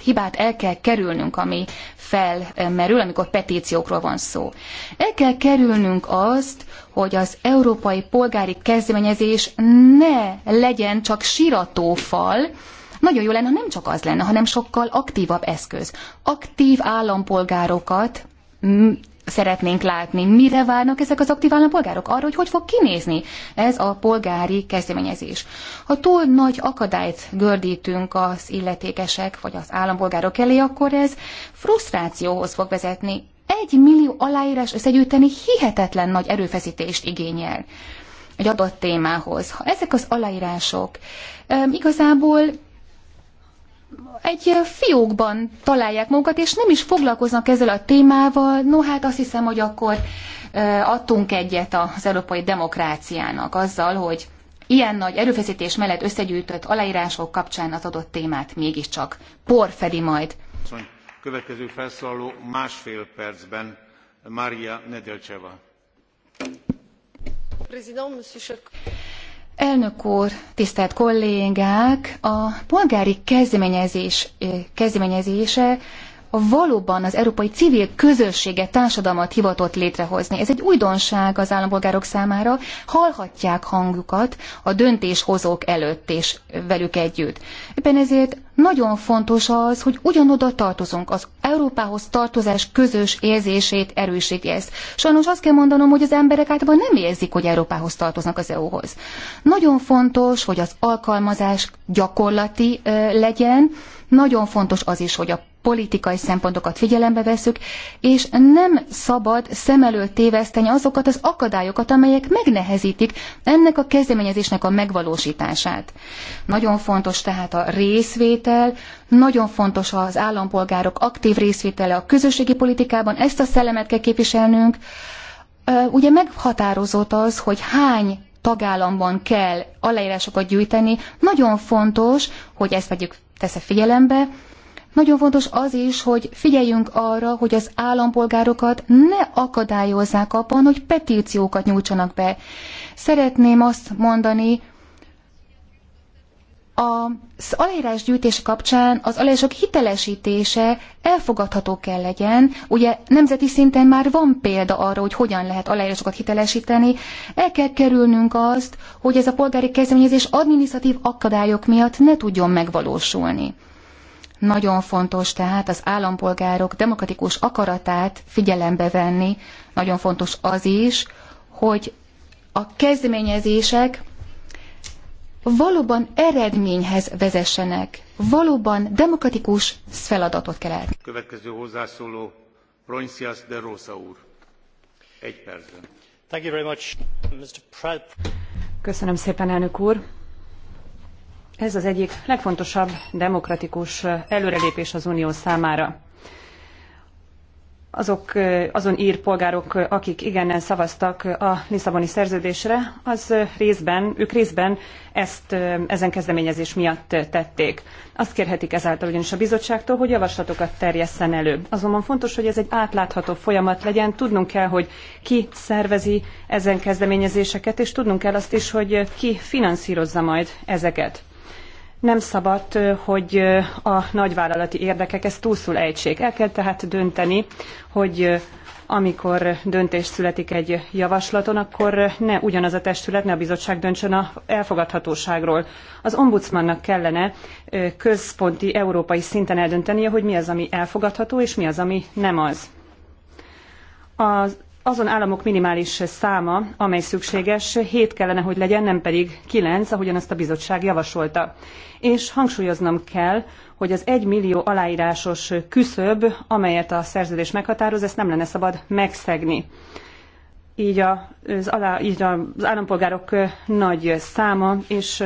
hibát el kell kerülnünk, ami felmerül, amikor petíciókról van szó. El kell kerülnünk azt, hogy az európai polgári kezdeményezés ne legyen csak siratófal, nagyon jó lenne, ha nem csak az lenne, hanem sokkal aktívabb eszköz. Aktív állampolgárokat szeretnénk látni. Mire várnak ezek az aktív polgárok? Arra, hogy hogy fog kinézni ez a polgári kezdeményezés. Ha túl nagy akadályt gördítünk az illetékesek vagy az állampolgárok elé, akkor ez frusztrációhoz fog vezetni. Egy millió aláírás összegyűjteni hihetetlen nagy erőfeszítést igényel egy adott témához. Ha ezek az aláírások um, igazából egy fiókban találják magukat, és nem is foglalkoznak ezzel a témával. No, hát azt hiszem, hogy akkor adtunk egyet az európai demokráciának azzal, hogy ilyen nagy erőfeszítés mellett összegyűjtött aláírások kapcsán az adott témát mégiscsak por fedi majd. Következő felszólaló másfél percben Mária Nedelcseva Elnök úr, tisztelt kollégák, a polgári kezdeményezés eh, kezdeményezése valóban az európai civil közösséget, társadalmat hivatott létrehozni. Ez egy újdonság az állampolgárok számára, hallhatják hangjukat a döntéshozók előtt és velük együtt. Éppen ezért nagyon fontos az, hogy ugyanoda tartozunk, az Európához tartozás közös érzését erősíti ez. Sajnos azt kell mondanom, hogy az emberek általában nem érzik, hogy Európához tartoznak az EU-hoz. Nagyon fontos, hogy az alkalmazás gyakorlati legyen, nagyon fontos az is, hogy a politikai szempontokat figyelembe veszük, és nem szabad szem előtt téveszteni azokat az akadályokat, amelyek megnehezítik ennek a kezdeményezésnek a megvalósítását. Nagyon fontos tehát a részvétel, nagyon fontos az állampolgárok aktív részvétele a közösségi politikában, ezt a szellemet kell képviselnünk. Ugye meghatározott az, hogy hány tagállamban kell aláírásokat gyűjteni, nagyon fontos, hogy ezt vegyük tesz figyelembe, nagyon fontos az is, hogy figyeljünk arra, hogy az állampolgárokat ne akadályozzák abban, hogy petíciókat nyújtsanak be. Szeretném azt mondani, az aláírásgyűjtés kapcsán az aláírások hitelesítése elfogadható kell legyen. Ugye nemzeti szinten már van példa arra, hogy hogyan lehet aláírásokat hitelesíteni. El kell kerülnünk azt, hogy ez a polgári kezdeményezés adminisztratív akadályok miatt ne tudjon megvalósulni. Nagyon fontos tehát az állampolgárok demokratikus akaratát figyelembe venni. Nagyon fontos az is, hogy a kezdeményezések valóban eredményhez vezessenek, valóban demokratikus feladatot kell el. Következő hozzászóló Roncias de Rosa úr. Egy percben. Thank you very much, Mr. Köszönöm szépen, elnök úr. Ez az egyik legfontosabb demokratikus előrelépés az Unió számára. Azok, azon ír polgárok, akik igennel szavaztak a Lisszaboni szerződésre, az részben, ők részben ezt ezen kezdeményezés miatt tették. Azt kérhetik ezáltal ugyanis a bizottságtól, hogy javaslatokat terjesszen elő. Azonban fontos, hogy ez egy átlátható folyamat legyen, tudnunk kell, hogy ki szervezi ezen kezdeményezéseket, és tudnunk kell azt is, hogy ki finanszírozza majd ezeket. Nem szabad, hogy a nagyvállalati érdekek ezt túlszul ejtsék. El kell tehát dönteni, hogy amikor döntés születik egy javaslaton, akkor ne ugyanaz a testület, ne a bizottság döntsön a elfogadhatóságról. Az ombudsmannak kellene központi, európai szinten eldöntenie, hogy mi az, ami elfogadható, és mi az, ami nem az. Az azon államok minimális száma, amely szükséges, Hét kellene, hogy legyen, nem pedig kilenc, ahogyan azt a bizottság javasolta. És hangsúlyoznom kell, hogy az egy millió aláírásos küszöb, amelyet a szerződés meghatároz, ezt nem lenne szabad megszegni. Így az, alá, így az állampolgárok nagy száma és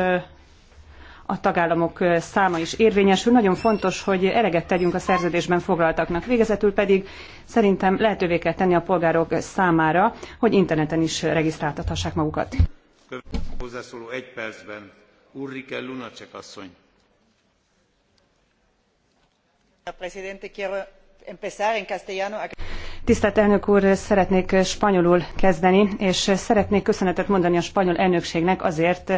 a tagállamok száma is érvényesül. Nagyon fontos, hogy eleget tegyünk a szerződésben foglaltaknak. Végezetül pedig szerintem lehetővé kell tenni a polgárok számára, hogy interneten is regisztráltathassák magukat. Következő hozzászóló egy percben Urrike Lunacek asszony. Presidente, quiero empezar en castellano. Tisztelt elnök úr, szeretnék spanyolul kezdeni, és szeretnék köszönetet mondani a spanyol elnökségnek azért,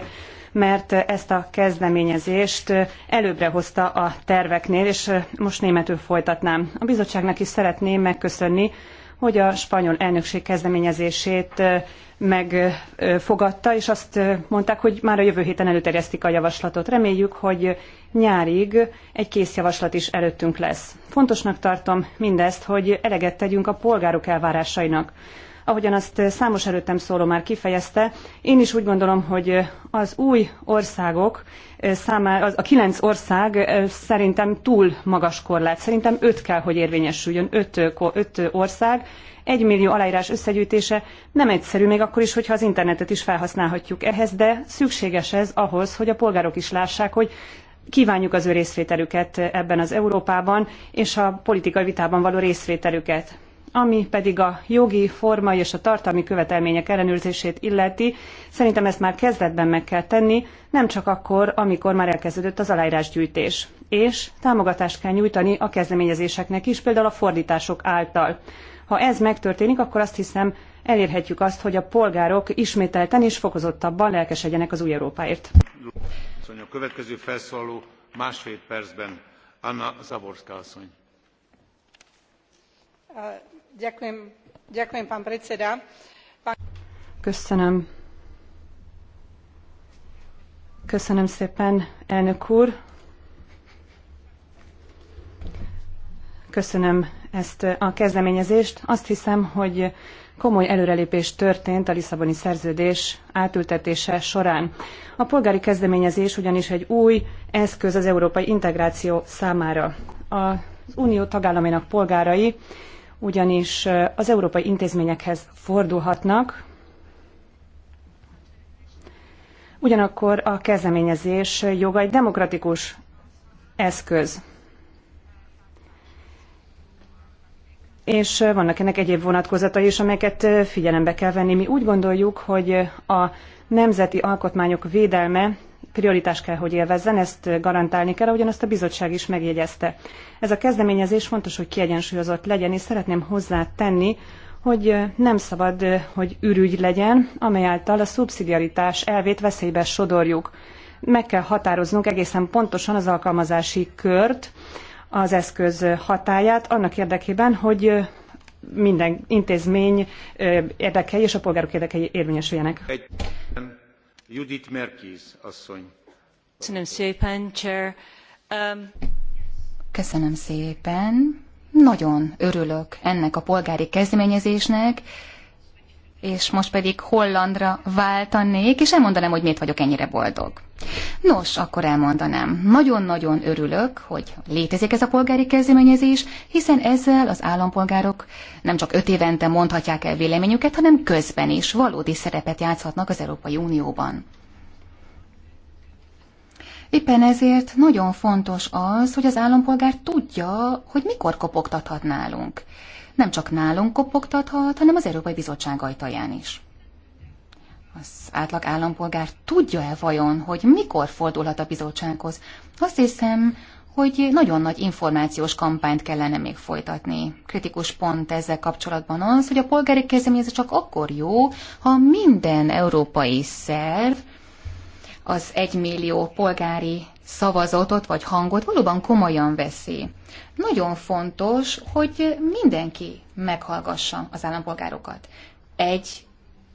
mert ezt a kezdeményezést előbbre hozta a terveknél, és most németül folytatnám. A bizottságnak is szeretném megköszönni, hogy a spanyol elnökség kezdeményezését megfogadta, és azt mondták, hogy már a jövő héten előterjesztik a javaslatot. Reméljük, hogy nyárig egy kész javaslat is előttünk lesz. Fontosnak tartom mindezt, hogy eleget tegyünk a polgárok elvárásainak. Ahogyan azt számos előttem szóló már kifejezte, én is úgy gondolom, hogy az új országok számára, a kilenc ország szerintem túl magas korlát. Szerintem öt kell, hogy érvényesüljön, öt, öt ország, egy millió aláírás összegyűjtése nem egyszerű, még akkor is, hogyha az internetet is felhasználhatjuk ehhez, de szükséges ez ahhoz, hogy a polgárok is lássák, hogy kívánjuk az ő részvételüket ebben az Európában, és a politikai vitában való részvételüket. Ami pedig a jogi, formai és a tartalmi követelmények ellenőrzését illeti, szerintem ezt már kezdetben meg kell tenni, nem csak akkor, amikor már elkezdődött az aláírásgyűjtés. És támogatást kell nyújtani a kezdeményezéseknek is, például a fordítások által. Ha ez megtörténik, akkor azt hiszem, elérhetjük azt, hogy a polgárok ismételten és fokozottabban lelkesedjenek az új Európáért. A következő felszólaló másfél percben Anna Zaborska asszony uh, Köszönöm. Köszönöm szépen, elnök úr. Köszönöm ezt a kezdeményezést. Azt hiszem, hogy komoly előrelépés történt a Lisszaboni szerződés átültetése során. A polgári kezdeményezés ugyanis egy új eszköz az európai integráció számára. Az unió tagállamainak polgárai ugyanis az európai intézményekhez fordulhatnak, ugyanakkor a kezdeményezés joga egy demokratikus eszköz. és vannak ennek egyéb vonatkozatai is, amelyeket figyelembe kell venni. Mi úgy gondoljuk, hogy a nemzeti alkotmányok védelme prioritás kell, hogy élvezzen, ezt garantálni kell, ahogyan azt a bizottság is megjegyezte. Ez a kezdeményezés fontos, hogy kiegyensúlyozott legyen, és szeretném hozzátenni, hogy nem szabad, hogy ürügy legyen, amely által a szubszidiaritás elvét veszélybe sodorjuk. Meg kell határoznunk egészen pontosan az alkalmazási kört, az eszköz hatáját, annak érdekében, hogy minden intézmény érdekei és a polgárok érdekei érvényesüljenek. Egy... Köszönöm szépen, um, Köszönöm szépen. Nagyon örülök ennek a polgári kezdeményezésnek, és most pedig Hollandra váltanék, és elmondanám, hogy miért vagyok ennyire boldog. Nos, akkor elmondanám. Nagyon-nagyon örülök, hogy létezik ez a polgári kezdeményezés, hiszen ezzel az állampolgárok nem csak öt évente mondhatják el véleményüket, hanem közben is valódi szerepet játszhatnak az Európai Unióban. Éppen ezért nagyon fontos az, hogy az állampolgár tudja, hogy mikor kopogtathat nálunk. Nem csak nálunk kopogtathat, hanem az Európai Bizottság ajtaján is az átlag állampolgár tudja-e vajon, hogy mikor fordulhat a bizottsághoz? Azt hiszem, hogy nagyon nagy információs kampányt kellene még folytatni. Kritikus pont ezzel kapcsolatban az, hogy a polgári kezdeményezés csak akkor jó, ha minden európai szerv az egymillió polgári szavazatot vagy hangot valóban komolyan veszi. Nagyon fontos, hogy mindenki meghallgassa az állampolgárokat. Egy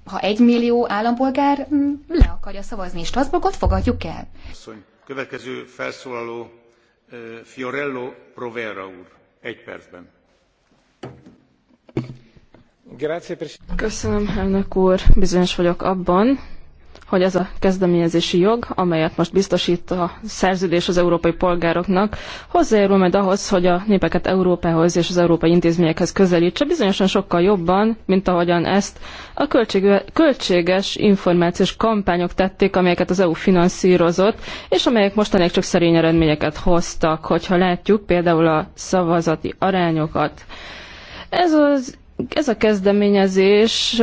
ha egy millió állampolgár mm, le akarja szavazni Strasbourgot, fogadjuk el. Következő felszólaló eh, Fiorello Provera úr. Egy percben. Köszönöm, elnök úr. Bizonyos vagyok abban, hogy ez a kezdeményezési jog, amelyet most biztosít a szerződés az európai polgároknak, hozzájárul majd ahhoz, hogy a népeket Európához és az európai intézményekhez közelítse, bizonyosan sokkal jobban, mint ahogyan ezt a költséges információs kampányok tették, amelyeket az EU finanszírozott, és amelyek mostanáig csak szerény eredményeket hoztak, hogyha látjuk például a szavazati arányokat. Ez az ez a kezdeményezés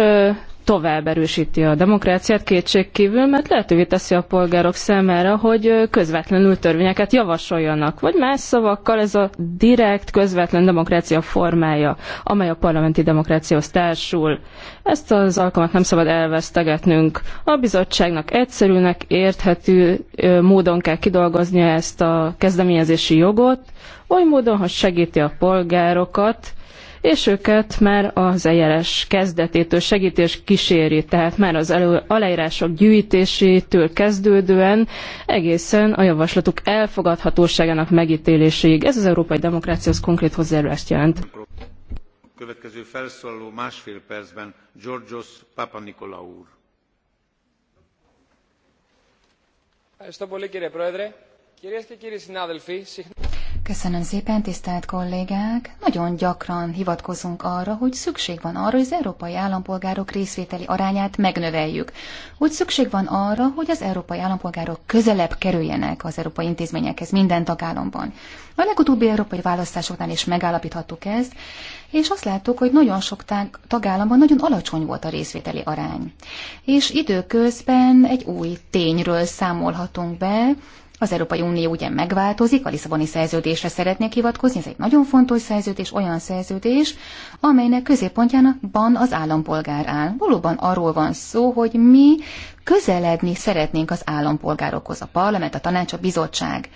tovább erősíti a demokráciát kétségkívül, mert lehetővé teszi a polgárok számára, hogy közvetlenül törvényeket javasoljanak, vagy más szavakkal ez a direkt, közvetlen demokrácia formája, amely a parlamenti demokráciához társul. Ezt az alkalmat nem szabad elvesztegetnünk. A bizottságnak egyszerűnek, érthető módon kell kidolgoznia ezt a kezdeményezési jogot, oly módon, hogy segíti a polgárokat, és őket már az eljárás kezdetétől segítés kíséri, tehát már az elő, aláírások gyűjtésétől kezdődően egészen a javaslatuk elfogadhatóságának megítéléséig. Ez az európai demokráciához konkrét hozzájárulást jelent. Következő felszólaló másfél percben Georgios Papa úr. Ευχαριστώ πολύ κύριε Πρόεδρε. Κυρίες και κύριοι συνάδελφοι, συχνά... Köszönöm szépen, tisztelt kollégák! Nagyon gyakran hivatkozunk arra, hogy szükség van arra, hogy az európai állampolgárok részvételi arányát megnöveljük. Hogy szükség van arra, hogy az európai állampolgárok közelebb kerüljenek az európai intézményekhez minden tagállamban. A legutóbbi európai választásoknál is megállapíthattuk ezt, és azt láttuk, hogy nagyon sok tagállamban nagyon alacsony volt a részvételi arány. És időközben egy új tényről számolhatunk be, az Európai Unió ugye megváltozik, a Lisszaboni szerződésre szeretnék hivatkozni, ez egy nagyon fontos szerződés, olyan szerződés, amelynek középpontjában az állampolgár áll. Valóban arról van szó, hogy mi közeledni szeretnénk az állampolgárokhoz, a parlament, a tanács, a bizottság.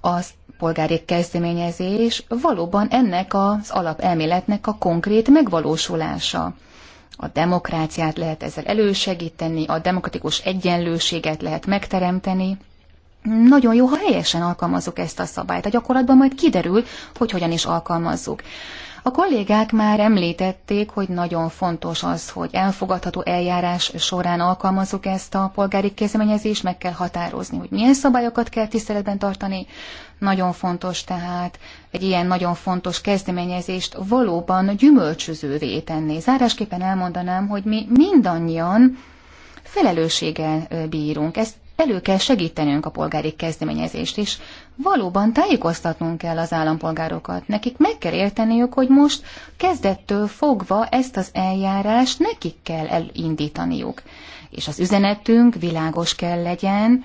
Az polgári kezdeményezés valóban ennek az alapelméletnek a konkrét megvalósulása. A demokráciát lehet ezzel elősegíteni, a demokratikus egyenlőséget lehet megteremteni, nagyon jó, ha helyesen alkalmazzuk ezt a szabályt. A gyakorlatban majd kiderül, hogy hogyan is alkalmazzuk. A kollégák már említették, hogy nagyon fontos az, hogy elfogadható eljárás során alkalmazzuk ezt a polgári kezdeményezést, meg kell határozni, hogy milyen szabályokat kell tiszteletben tartani. Nagyon fontos tehát egy ilyen nagyon fontos kezdeményezést valóban gyümölcsözővé tenni. Zárásképpen elmondanám, hogy mi mindannyian felelősséggel bírunk. Ezt elő kell segítenünk a polgári kezdeményezést, és valóban tájékoztatnunk kell az állampolgárokat. Nekik meg kell érteniük, hogy most kezdettől fogva ezt az eljárást nekik kell elindítaniuk. És az üzenetünk világos kell legyen,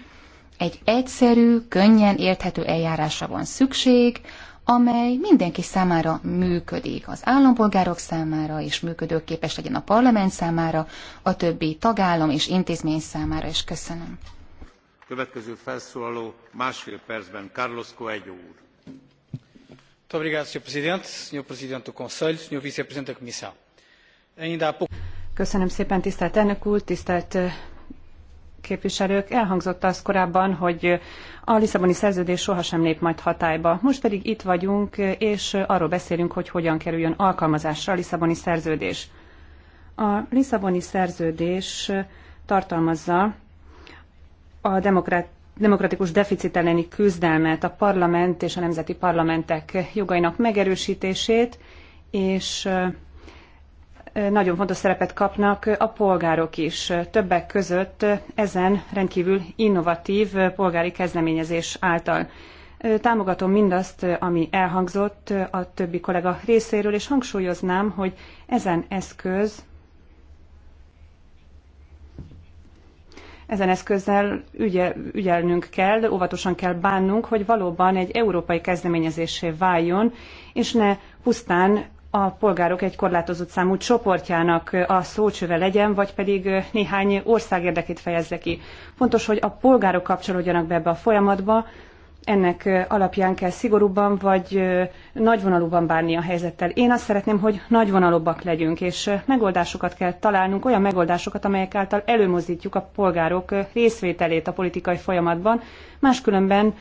egy egyszerű, könnyen érthető eljárásra van szükség, amely mindenki számára működik, az állampolgárok számára és működőképes legyen a parlament számára, a többi tagállam és intézmény számára és köszönöm következő felszólaló másfél percben carlos coelho úr. Köszönöm szépen, tisztelt elnök úr, tisztelt eh, képviselők, elhangzott az korábban, hogy eh, a Lisszaboni szerződés sohasem lép majd hatályba. Most pedig itt vagyunk, eh, és arról beszélünk, hogy hogyan kerüljön alkalmazásra a Lisszaboni szerződés. A Lisszaboni szerződés tartalmazza a demokrát, demokratikus deficit elleni küzdelmet, a parlament és a nemzeti parlamentek jogainak megerősítését, és nagyon fontos szerepet kapnak a polgárok is. Többek között ezen rendkívül innovatív polgári kezdeményezés által. Támogatom mindazt, ami elhangzott a többi kollega részéről, és hangsúlyoznám, hogy ezen eszköz Ezen eszközzel ügye, ügyelnünk kell, óvatosan kell bánnunk, hogy valóban egy európai kezdeményezésé váljon, és ne pusztán a polgárok egy korlátozott számú csoportjának a szócsöve legyen, vagy pedig néhány ország érdekét fejezze ki. Fontos, hogy a polgárok kapcsolódjanak be ebbe a folyamatba, ennek alapján kell szigorúbban vagy nagyvonalúban bánni a helyzettel. Én azt szeretném, hogy nagyvonalúbbak legyünk, és megoldásokat kell találnunk, olyan megoldásokat, amelyek által előmozdítjuk a polgárok részvételét a politikai folyamatban, máskülönben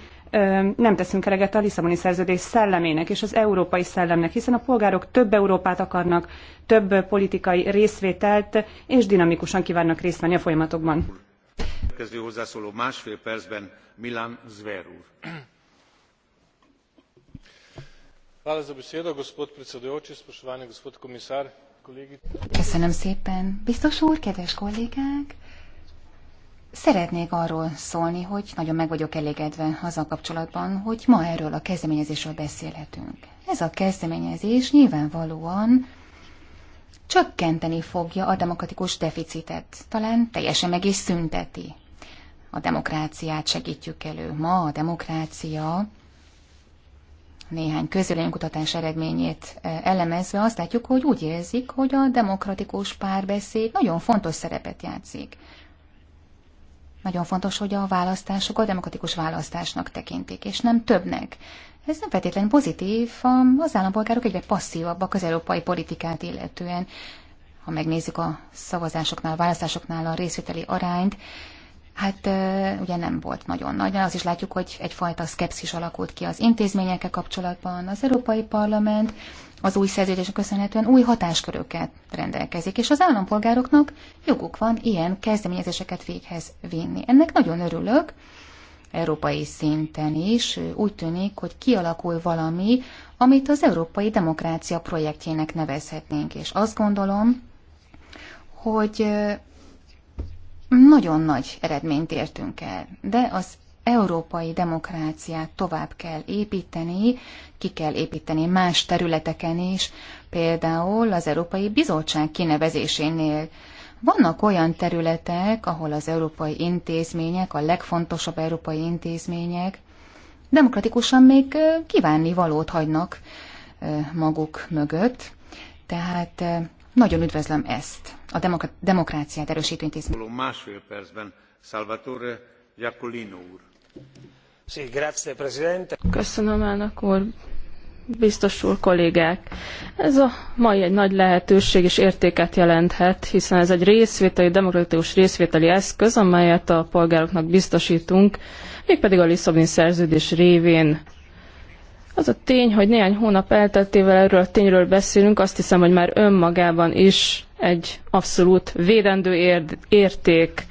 nem teszünk eleget a Lisszaboni szerződés szellemének és az európai szellemnek, hiszen a polgárok több Európát akarnak, több politikai részvételt, és dinamikusan kívánnak részt venni a folyamatokban. Hvala za besedo, gospod predsedujoči, spoštovani gospod komisár, kollégi. szépen. Biztos Szeretnék arról szólni, hogy nagyon meg vagyok elégedve azzal kapcsolatban, hogy ma erről a kezdeményezésről beszélhetünk. Ez a kezdeményezés nyilvánvalóan csökkenteni fogja a demokratikus deficitet, talán teljesen meg is szünteti. A demokráciát segítjük elő. Ma a demokrácia néhány kutatás eredményét eh, elemezve azt látjuk, hogy úgy érzik, hogy a demokratikus párbeszéd nagyon fontos szerepet játszik. Nagyon fontos, hogy a választásokat demokratikus választásnak tekintik, és nem többnek. Ez nem feltétlenül pozitív, az állampolgárok egyre passzívabbak az európai politikát illetően. Ha megnézzük a szavazásoknál, a választásoknál a részvételi arányt, hát ugye nem volt nagyon nagy, az is látjuk, hogy egyfajta szkepszis alakult ki az intézményekkel kapcsolatban. Az Európai Parlament az új szerződésnek köszönhetően új hatásköröket rendelkezik, és az állampolgároknak joguk van ilyen kezdeményezéseket véghez vinni. Ennek nagyon örülök, európai szinten is úgy tűnik, hogy kialakul valami, amit az európai demokrácia projektjének nevezhetnénk, és azt gondolom, hogy nagyon nagy eredményt értünk el, de az európai demokráciát tovább kell építeni, ki kell építeni más területeken is, például az Európai Bizottság kinevezésénél. Vannak olyan területek, ahol az európai intézmények, a legfontosabb európai intézmények demokratikusan még kívánni valót hagynak maguk mögött. Tehát nagyon üdvözlöm ezt, a demok- demokráciát erősítő intézményt. Másfél percben Salvatore Iacolino úr. Köszönöm, elnök úr biztos úr kollégák, ez a mai egy nagy lehetőség és értéket jelenthet, hiszen ez egy részvételi, demokratikus részvételi eszköz, amelyet a polgároknak biztosítunk, mégpedig a Lisszaboni szerződés révén. Az a tény, hogy néhány hónap elteltével erről a tényről beszélünk, azt hiszem, hogy már önmagában is egy abszolút védendő érték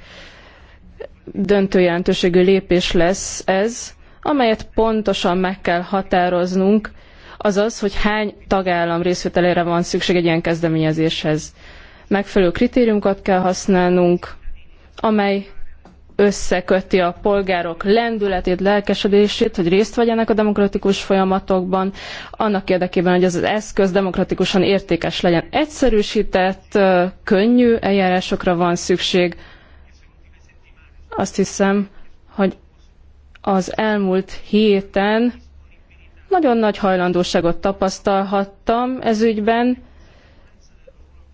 döntő jelentőségű lépés lesz ez, amelyet pontosan meg kell határoznunk, azaz, hogy hány tagállam részvételére van szükség egy ilyen kezdeményezéshez. Megfelelő kritériumokat kell használnunk, amely összeköti a polgárok lendületét, lelkesedését, hogy részt vegyenek a demokratikus folyamatokban, annak érdekében, hogy ez az eszköz demokratikusan értékes legyen. Egyszerűsített, könnyű eljárásokra van szükség. Azt hiszem, hogy az elmúlt héten nagyon nagy hajlandóságot tapasztalhattam ez ügyben,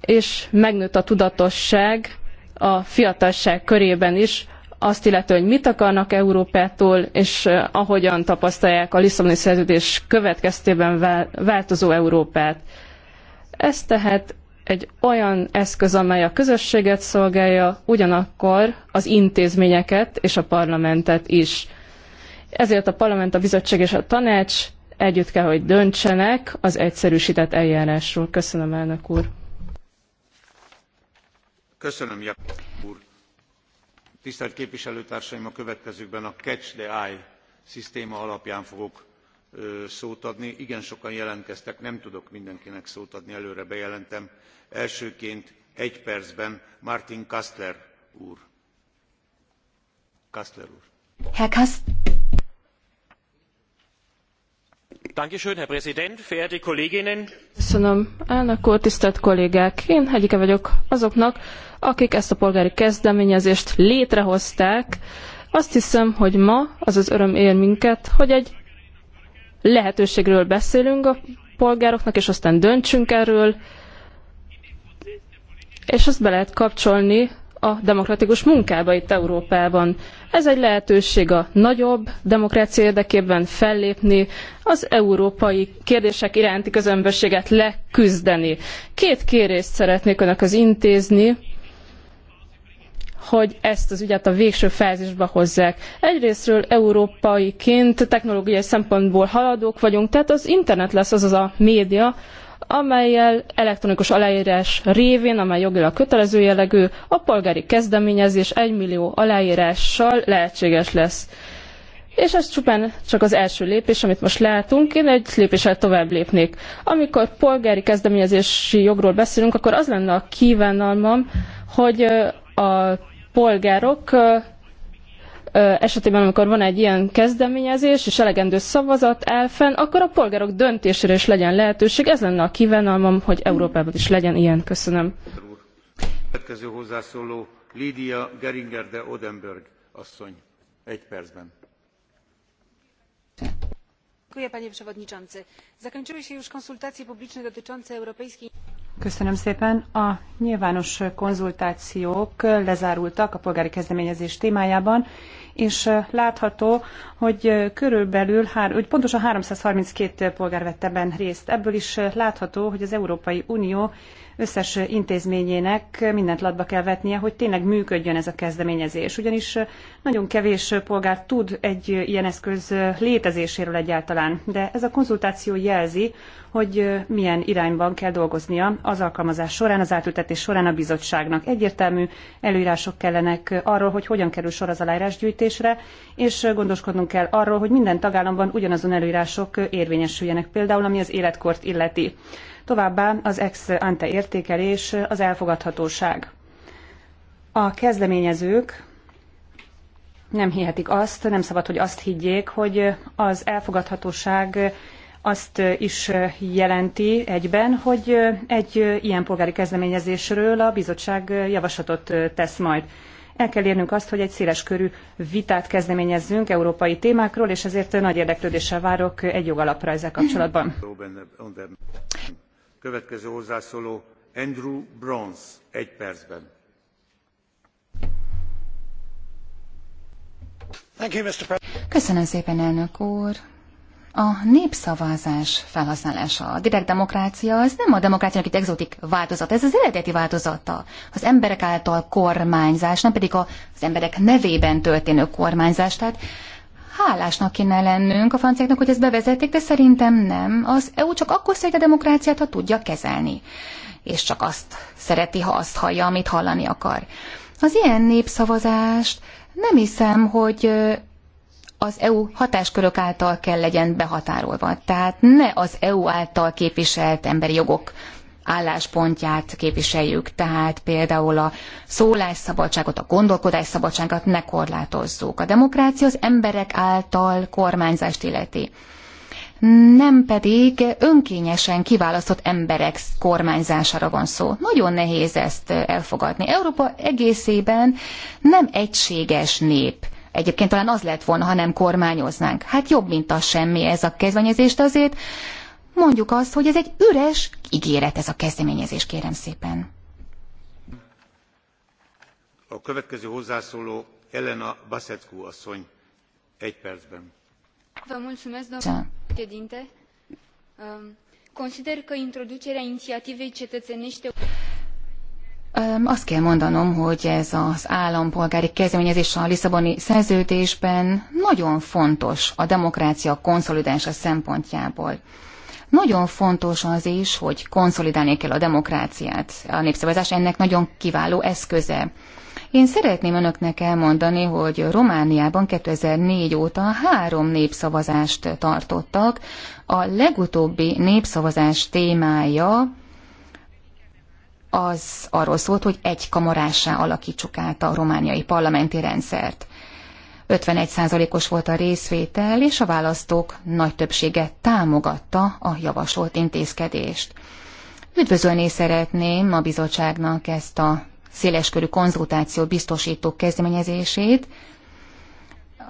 és megnőtt a tudatosság a fiatalság körében is, azt illetően, hogy mit akarnak Európától, és ahogyan tapasztalják a Lisszaboni szerződés következtében változó Európát. Ez tehát egy olyan eszköz, amely a közösséget szolgálja, ugyanakkor az intézményeket és a parlamentet is. Ezért a parlament, a bizottság és a tanács együtt kell, hogy döntsenek az egyszerűsített eljárásról. Köszönöm, elnök úr. Köszönöm, Jakab úr tisztelt képviselőtársaim a következőkben a catch the eye szisztéma alapján fogok szót adni igen sokan jelentkeztek nem tudok mindenkinek szót adni előre bejelentem elsőként egy percben martin kastler úr. kastler úr. herr Köszönöm, elnök úr, tisztelt kollégák! Én egyike vagyok azoknak, akik ezt a polgári kezdeményezést létrehozták. Azt hiszem, hogy ma az az öröm ér minket, hogy egy lehetőségről beszélünk a polgároknak, és aztán döntsünk erről, és ezt be lehet kapcsolni a demokratikus munkába itt Európában. Ez egy lehetőség a nagyobb demokrácia érdekében fellépni, az európai kérdések iránti közömbösséget leküzdeni. Két kérést szeretnék önökhöz intézni hogy ezt az ügyet a végső fázisba hozzák. Egyrésztről európaiként technológiai szempontból haladók vagyunk, tehát az internet lesz az az a média, amelyel elektronikus aláírás révén, amely jogilag kötelező jellegű, a polgári kezdeményezés 1 millió aláírással lehetséges lesz. És ez csupán csak az első lépés, amit most látunk. Én egy lépéssel tovább lépnék. Amikor polgári kezdeményezési jogról beszélünk, akkor az lenne a kívánalmam, hogy a polgárok esetében, amikor van egy ilyen kezdeményezés és elegendő szavazat áll fenn, akkor a polgárok döntésére is legyen lehetőség. Ez lenne a kívánalmam, hogy Európában is legyen ilyen. Köszönöm. Következő hozzászóló Lídia Geringer de Odenberg asszony. Egy percben. Köszönöm szépen. A nyilvános konzultációk lezárultak a polgári kezdeményezés témájában, és látható, hogy körülbelül, hár, hogy pontosan 332 polgár vette ebben részt. Ebből is látható, hogy az Európai Unió összes intézményének mindent latba kell vetnie, hogy tényleg működjön ez a kezdeményezés. Ugyanis nagyon kevés polgár tud egy ilyen eszköz létezéséről egyáltalán, de ez a konzultáció jelzi, hogy milyen irányban kell dolgoznia az alkalmazás során, az átültetés során a bizottságnak. Egyértelmű előírások kellenek arról, hogy hogyan kerül sor az aláírásgyűjtésre, és gondoskodnunk gondoskodnunk kell arról, hogy minden tagállamban ugyanazon előírások érvényesüljenek, például ami az életkort illeti. Továbbá az ex ante értékelés az elfogadhatóság. A kezdeményezők nem hihetik azt, nem szabad, hogy azt higgyék, hogy az elfogadhatóság azt is jelenti egyben, hogy egy ilyen polgári kezdeményezésről a bizottság javaslatot tesz majd. El kell érnünk azt, hogy egy széles körű vitát kezdeményezzünk európai témákról, és ezért nagy érdeklődéssel várok egy jogalapra ezzel kapcsolatban. Következő hozzászóló Andrew Bronze, egy percben. Köszönöm szépen, elnök úr! a népszavazás felhasználása, a direkt demokrácia, ez nem a demokráciának egy exotik változata, ez az eredeti változata. Az emberek által kormányzás, nem pedig az emberek nevében történő kormányzás. Tehát hálásnak kéne lennünk a franciáknak, hogy ezt bevezették, de szerintem nem. Az EU csak akkor szereti a demokráciát, ha tudja kezelni. És csak azt szereti, ha azt hallja, amit hallani akar. Az ilyen népszavazást nem hiszem, hogy az EU hatáskörök által kell legyen behatárolva. Tehát ne az EU által képviselt emberi jogok álláspontját képviseljük, tehát például a szólásszabadságot, a gondolkodásszabadságot ne korlátozzuk. A demokrácia az emberek által kormányzást illeti nem pedig önkényesen kiválasztott emberek kormányzására van szó. Nagyon nehéz ezt elfogadni. Európa egészében nem egységes nép. Egyébként talán az lett volna, ha nem kormányoznánk. Hát jobb, mint a semmi ez a kezdeményezés, azért mondjuk azt, hogy ez egy üres ígéret ez a kezdeményezés, kérem szépen. A következő hozzászóló Elena Basescu asszony, egy percben. Vă mulțumesc, domnule președinte. Consider că introducerea inițiativei cetățenești azt kell mondanom, hogy ez az állampolgári kezdeményezés a Lisszaboni szerződésben nagyon fontos a demokrácia konszolidálása szempontjából. Nagyon fontos az is, hogy konszolidálni kell a demokráciát. A népszavazás ennek nagyon kiváló eszköze. Én szeretném önöknek elmondani, hogy Romániában 2004 óta három népszavazást tartottak. A legutóbbi népszavazás témája az arról szólt, hogy egy kamarássá alakítsuk át a romániai parlamenti rendszert. 51%-os volt a részvétel, és a választók nagy többsége támogatta a javasolt intézkedést. Üdvözölni szeretném a bizottságnak ezt a széleskörű konzultáció biztosító kezdeményezését.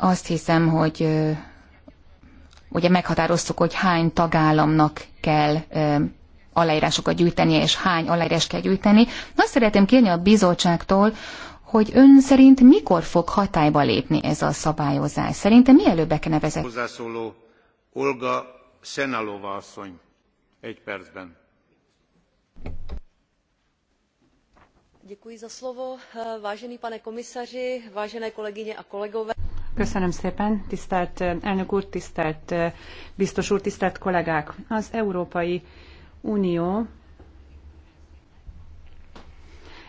Azt hiszem, hogy ugye meghatároztuk, hogy hány tagállamnak kell aláírásokat gyűjteni, és hány aláírás kell gyűjteni. Na, Azt szeretném kérni a bizottságtól, hogy ön szerint mikor fog hatályba lépni ez a szabályozás? Szerintem mielőbb be kellene vezetni. Hozzászóló Olga Szenalova asszony, egy percben. Děkuji za slovo, vážený pane komisaři, vážené kolegyně a kolegové. Köszönöm szépen, tisztelt elnök úr, tisztelt biztos úr, tisztelt kollégák! Az európai Unió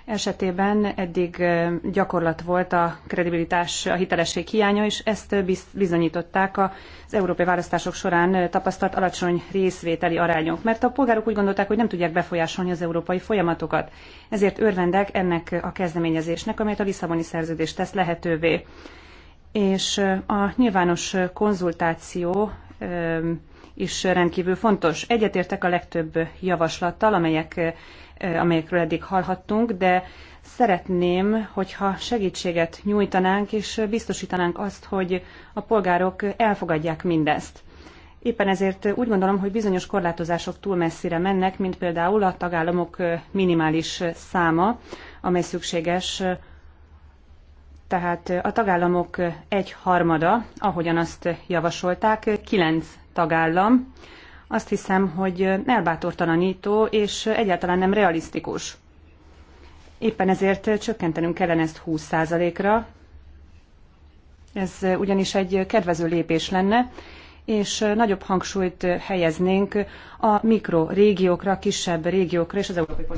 esetében eddig gyakorlat volt a kredibilitás, a hitelesség hiánya, és ezt bizonyították az európai választások során tapasztalt alacsony részvételi arányok, mert a polgárok úgy gondolták, hogy nem tudják befolyásolni az európai folyamatokat. Ezért örvendek ennek a kezdeményezésnek, amelyet a Lisszaboni szerződés tesz lehetővé. És a nyilvános konzultáció is rendkívül fontos. Egyetértek a legtöbb javaslattal, amelyek, eh, amelyekről eddig hallhattunk, de szeretném, hogyha segítséget nyújtanánk és biztosítanánk azt, hogy a polgárok elfogadják mindezt. Éppen ezért úgy gondolom, hogy bizonyos korlátozások túl messzire mennek, mint például a tagállamok eh, minimális száma, amely szükséges eh, tehát a tagállamok egy harmada, ahogyan azt javasolták, kilenc tagállam, azt hiszem, hogy elbátortalanító és egyáltalán nem realisztikus. Éppen ezért csökkentenünk kellene ezt 20%-ra. Ez ugyanis egy kedvező lépés lenne, és nagyobb hangsúlyt helyeznénk a mikrorégiókra, kisebb régiókra és az európai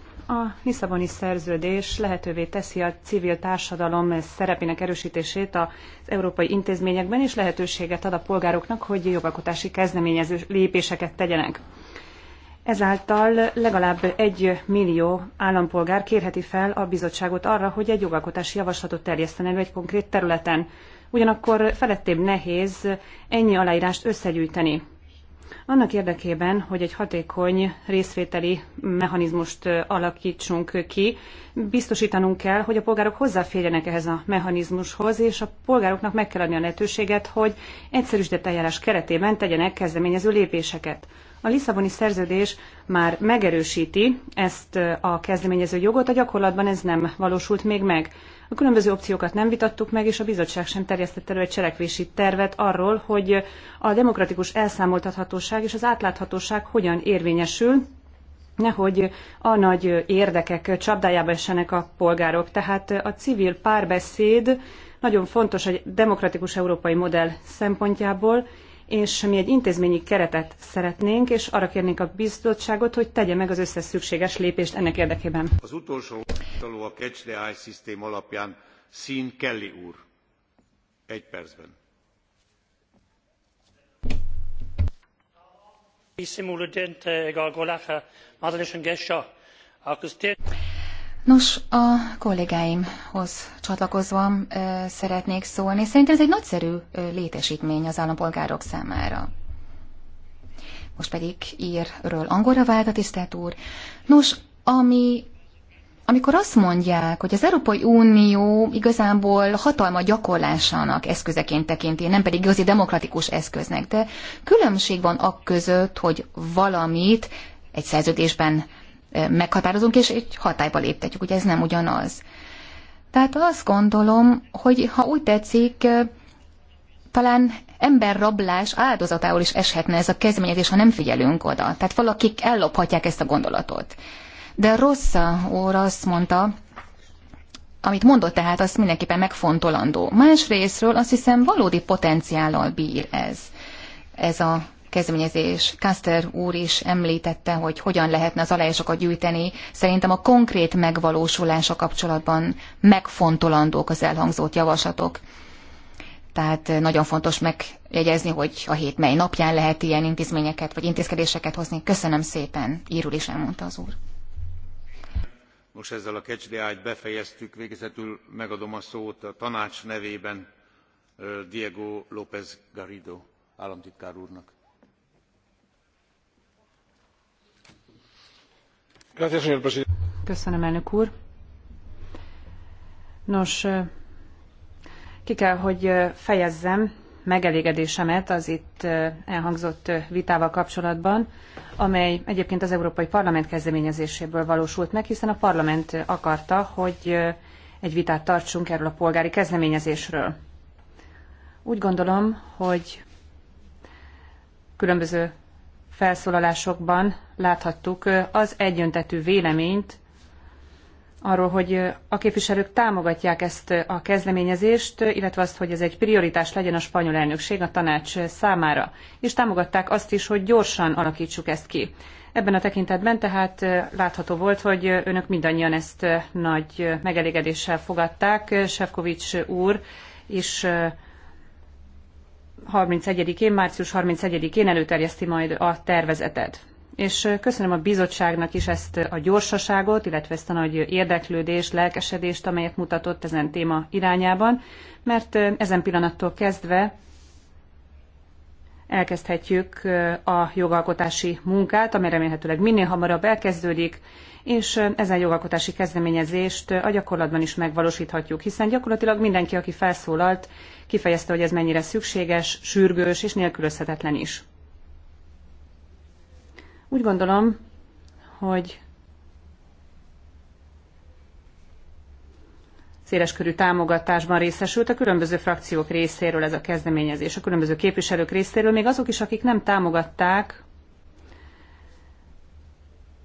A Lisszaboni szerződés lehetővé teszi a civil társadalom szerepének erősítését az európai intézményekben, és lehetőséget ad a polgároknak, hogy jogalkotási kezdeményező lépéseket tegyenek. Ezáltal legalább egy millió állampolgár kérheti fel a bizottságot arra, hogy egy jogalkotási javaslatot terjeszten elő egy konkrét területen. Ugyanakkor felettébb nehéz ennyi aláírást összegyűjteni annak érdekében, hogy egy hatékony részvételi mechanizmust alakítsunk ki, biztosítanunk kell, hogy a polgárok hozzáférjenek ehhez a mechanizmushoz, és a polgároknak meg kell adni a lehetőséget, hogy egyszerűsített eljárás keretében tegyenek kezdeményező lépéseket. A Lisszaboni szerződés már megerősíti ezt a kezdeményező jogot, a gyakorlatban ez nem valósult még meg. A különböző opciókat nem vitattuk meg, és a bizottság sem terjesztett elő egy cselekvési tervet arról, hogy a demokratikus elszámoltathatóság és az átláthatóság hogyan érvényesül, nehogy a nagy érdekek csapdájába essenek a polgárok. Tehát a civil párbeszéd nagyon fontos egy demokratikus európai modell szempontjából, és mi egy intézményi keretet szeretnénk, és arra kérnénk a bizottságot, hogy tegye meg az összes szükséges lépést ennek érdekében. Az utolsó felszólaló a catch the eye szisztém alapján sean kelly úr. egy percben. Nos, a kollégáimhoz csatlakozva szeretnék szólni. Szerintem ez egy nagyszerű létesítmény az állampolgárok számára. Most pedig írről angolra vált a tisztelt úr. Nos, ami amikor azt mondják, hogy az Európai Unió igazából hatalma gyakorlásának eszközeként tekinti, nem pedig igazi demokratikus eszköznek, de különbség van a között, hogy valamit egy szerződésben meghatározunk, és egy hatályba léptetjük, ugye ez nem ugyanaz. Tehát azt gondolom, hogy ha úgy tetszik, talán emberrablás áldozatául is eshetne ez a kezdeményezés, ha nem figyelünk oda. Tehát valakik ellophatják ezt a gondolatot de Rossza úr azt mondta, amit mondott tehát, azt mindenképpen megfontolandó. Másrésztről azt hiszem valódi potenciállal bír ez, ez a kezdeményezés. Kaster úr is említette, hogy hogyan lehetne az aláírásokat gyűjteni. Szerintem a konkrét megvalósulása kapcsolatban megfontolandók az elhangzott javaslatok. Tehát nagyon fontos megjegyezni, hogy a hét mely napján lehet ilyen intézményeket vagy intézkedéseket hozni. Köszönöm szépen, írul is elmondta az úr. Most ezzel a catch the t befejeztük, végezetül megadom a szót a tanács nevében Diego López Garrido államtitkár úrnak. Köszönöm, elnök úr. Nos, ki kell, hogy fejezzem megelégedésemet az itt elhangzott vitával kapcsolatban, amely egyébként az Európai Parlament kezdeményezéséből valósult meg, hiszen a parlament akarta, hogy egy vitát tartsunk erről a polgári kezdeményezésről. Úgy gondolom, hogy különböző felszólalásokban láthattuk az egyöntetű véleményt arról, hogy a képviselők támogatják ezt a kezdeményezést, illetve azt, hogy ez egy prioritás legyen a spanyol elnökség a tanács számára, és támogatták azt is, hogy gyorsan alakítsuk ezt ki. Ebben a tekintetben tehát látható volt, hogy önök mindannyian ezt nagy megelégedéssel fogadták. Sefcovics úr is 31-én, március 31-én előterjeszti majd a tervezetet és köszönöm a bizottságnak is ezt a gyorsaságot, illetve ezt a nagy érdeklődést, lelkesedést, amelyet mutatott ezen téma irányában, mert ezen pillanattól kezdve elkezdhetjük a jogalkotási munkát, ami remélhetőleg minél hamarabb elkezdődik, és ezen jogalkotási kezdeményezést a gyakorlatban is megvalósíthatjuk, hiszen gyakorlatilag mindenki, aki felszólalt, kifejezte, hogy ez mennyire szükséges, sürgős és nélkülözhetetlen is. Úgy gondolom, hogy széleskörű támogatásban részesült a különböző frakciók részéről ez a kezdeményezés, a különböző képviselők részéről, még azok is, akik nem támogatták,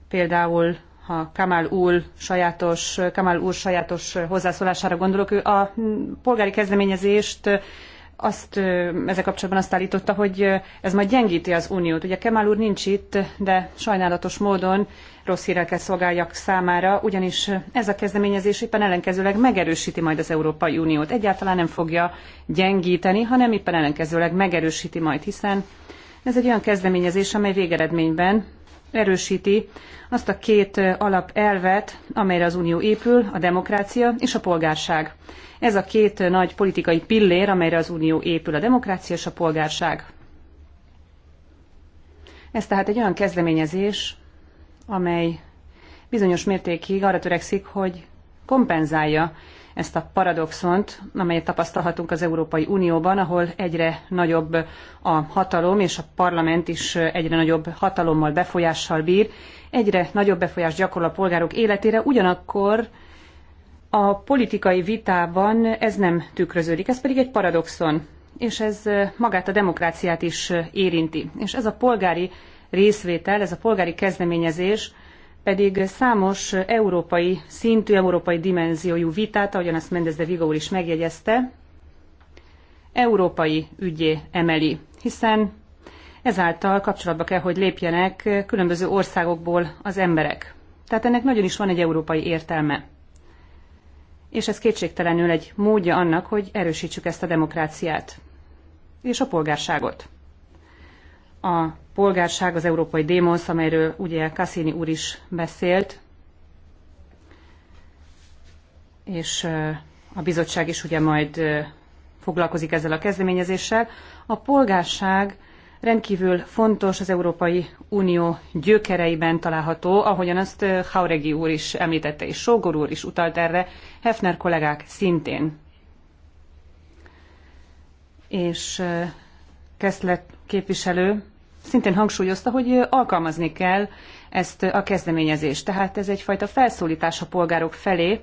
például ha Kamal úr sajátos, Kamal úr sajátos hozzászólására gondolok, ő a polgári kezdeményezést azt ezzel kapcsolatban azt állította, hogy ez majd gyengíti az uniót. Ugye Kemal úr nincs itt, de sajnálatos módon rossz hírekkel szolgáljak számára, ugyanis ez a kezdeményezés éppen ellenkezőleg megerősíti majd az Európai Uniót. Egyáltalán nem fogja gyengíteni, hanem éppen ellenkezőleg megerősíti majd, hiszen ez egy olyan kezdeményezés, amely végeredményben erősíti azt a két alapelvet, amelyre az Unió épül, a demokrácia és a polgárság. Ez a két nagy politikai pillér, amelyre az Unió épül, a demokrácia és a polgárság. Ez tehát egy olyan kezdeményezés, amely bizonyos mértékig arra törekszik, hogy kompenzálja ezt a paradoxont, amelyet tapasztalhatunk az Európai Unióban, ahol egyre nagyobb a hatalom, és a parlament is egyre nagyobb hatalommal, befolyással bír, egyre nagyobb befolyás gyakorol a polgárok életére, ugyanakkor a politikai vitában ez nem tükröződik, ez pedig egy paradoxon, és ez magát a demokráciát is érinti. És ez a polgári részvétel, ez a polgári kezdeményezés pedig számos európai szintű, európai dimenziójú vitát, ahogyan azt Mendez de Vigo úr is megjegyezte, európai ügyé emeli, hiszen ezáltal kapcsolatba kell, hogy lépjenek különböző országokból az emberek. Tehát ennek nagyon is van egy európai értelme és ez kétségtelenül egy módja annak, hogy erősítsük ezt a demokráciát és a polgárságot. A polgárság az európai démosz, amelyről ugye Cassini úr is beszélt, és a bizottság is ugye majd foglalkozik ezzel a kezdeményezéssel. A polgárság rendkívül fontos az Európai Unió gyökereiben található, ahogyan azt eh, Hauregi úr is említette, és Sógor úr is utalt erre, Hefner kollégák szintén. És eh, Keszlet képviselő szintén hangsúlyozta, hogy eh, alkalmazni kell ezt a kezdeményezést. Tehát ez egyfajta felszólítás a polgárok felé,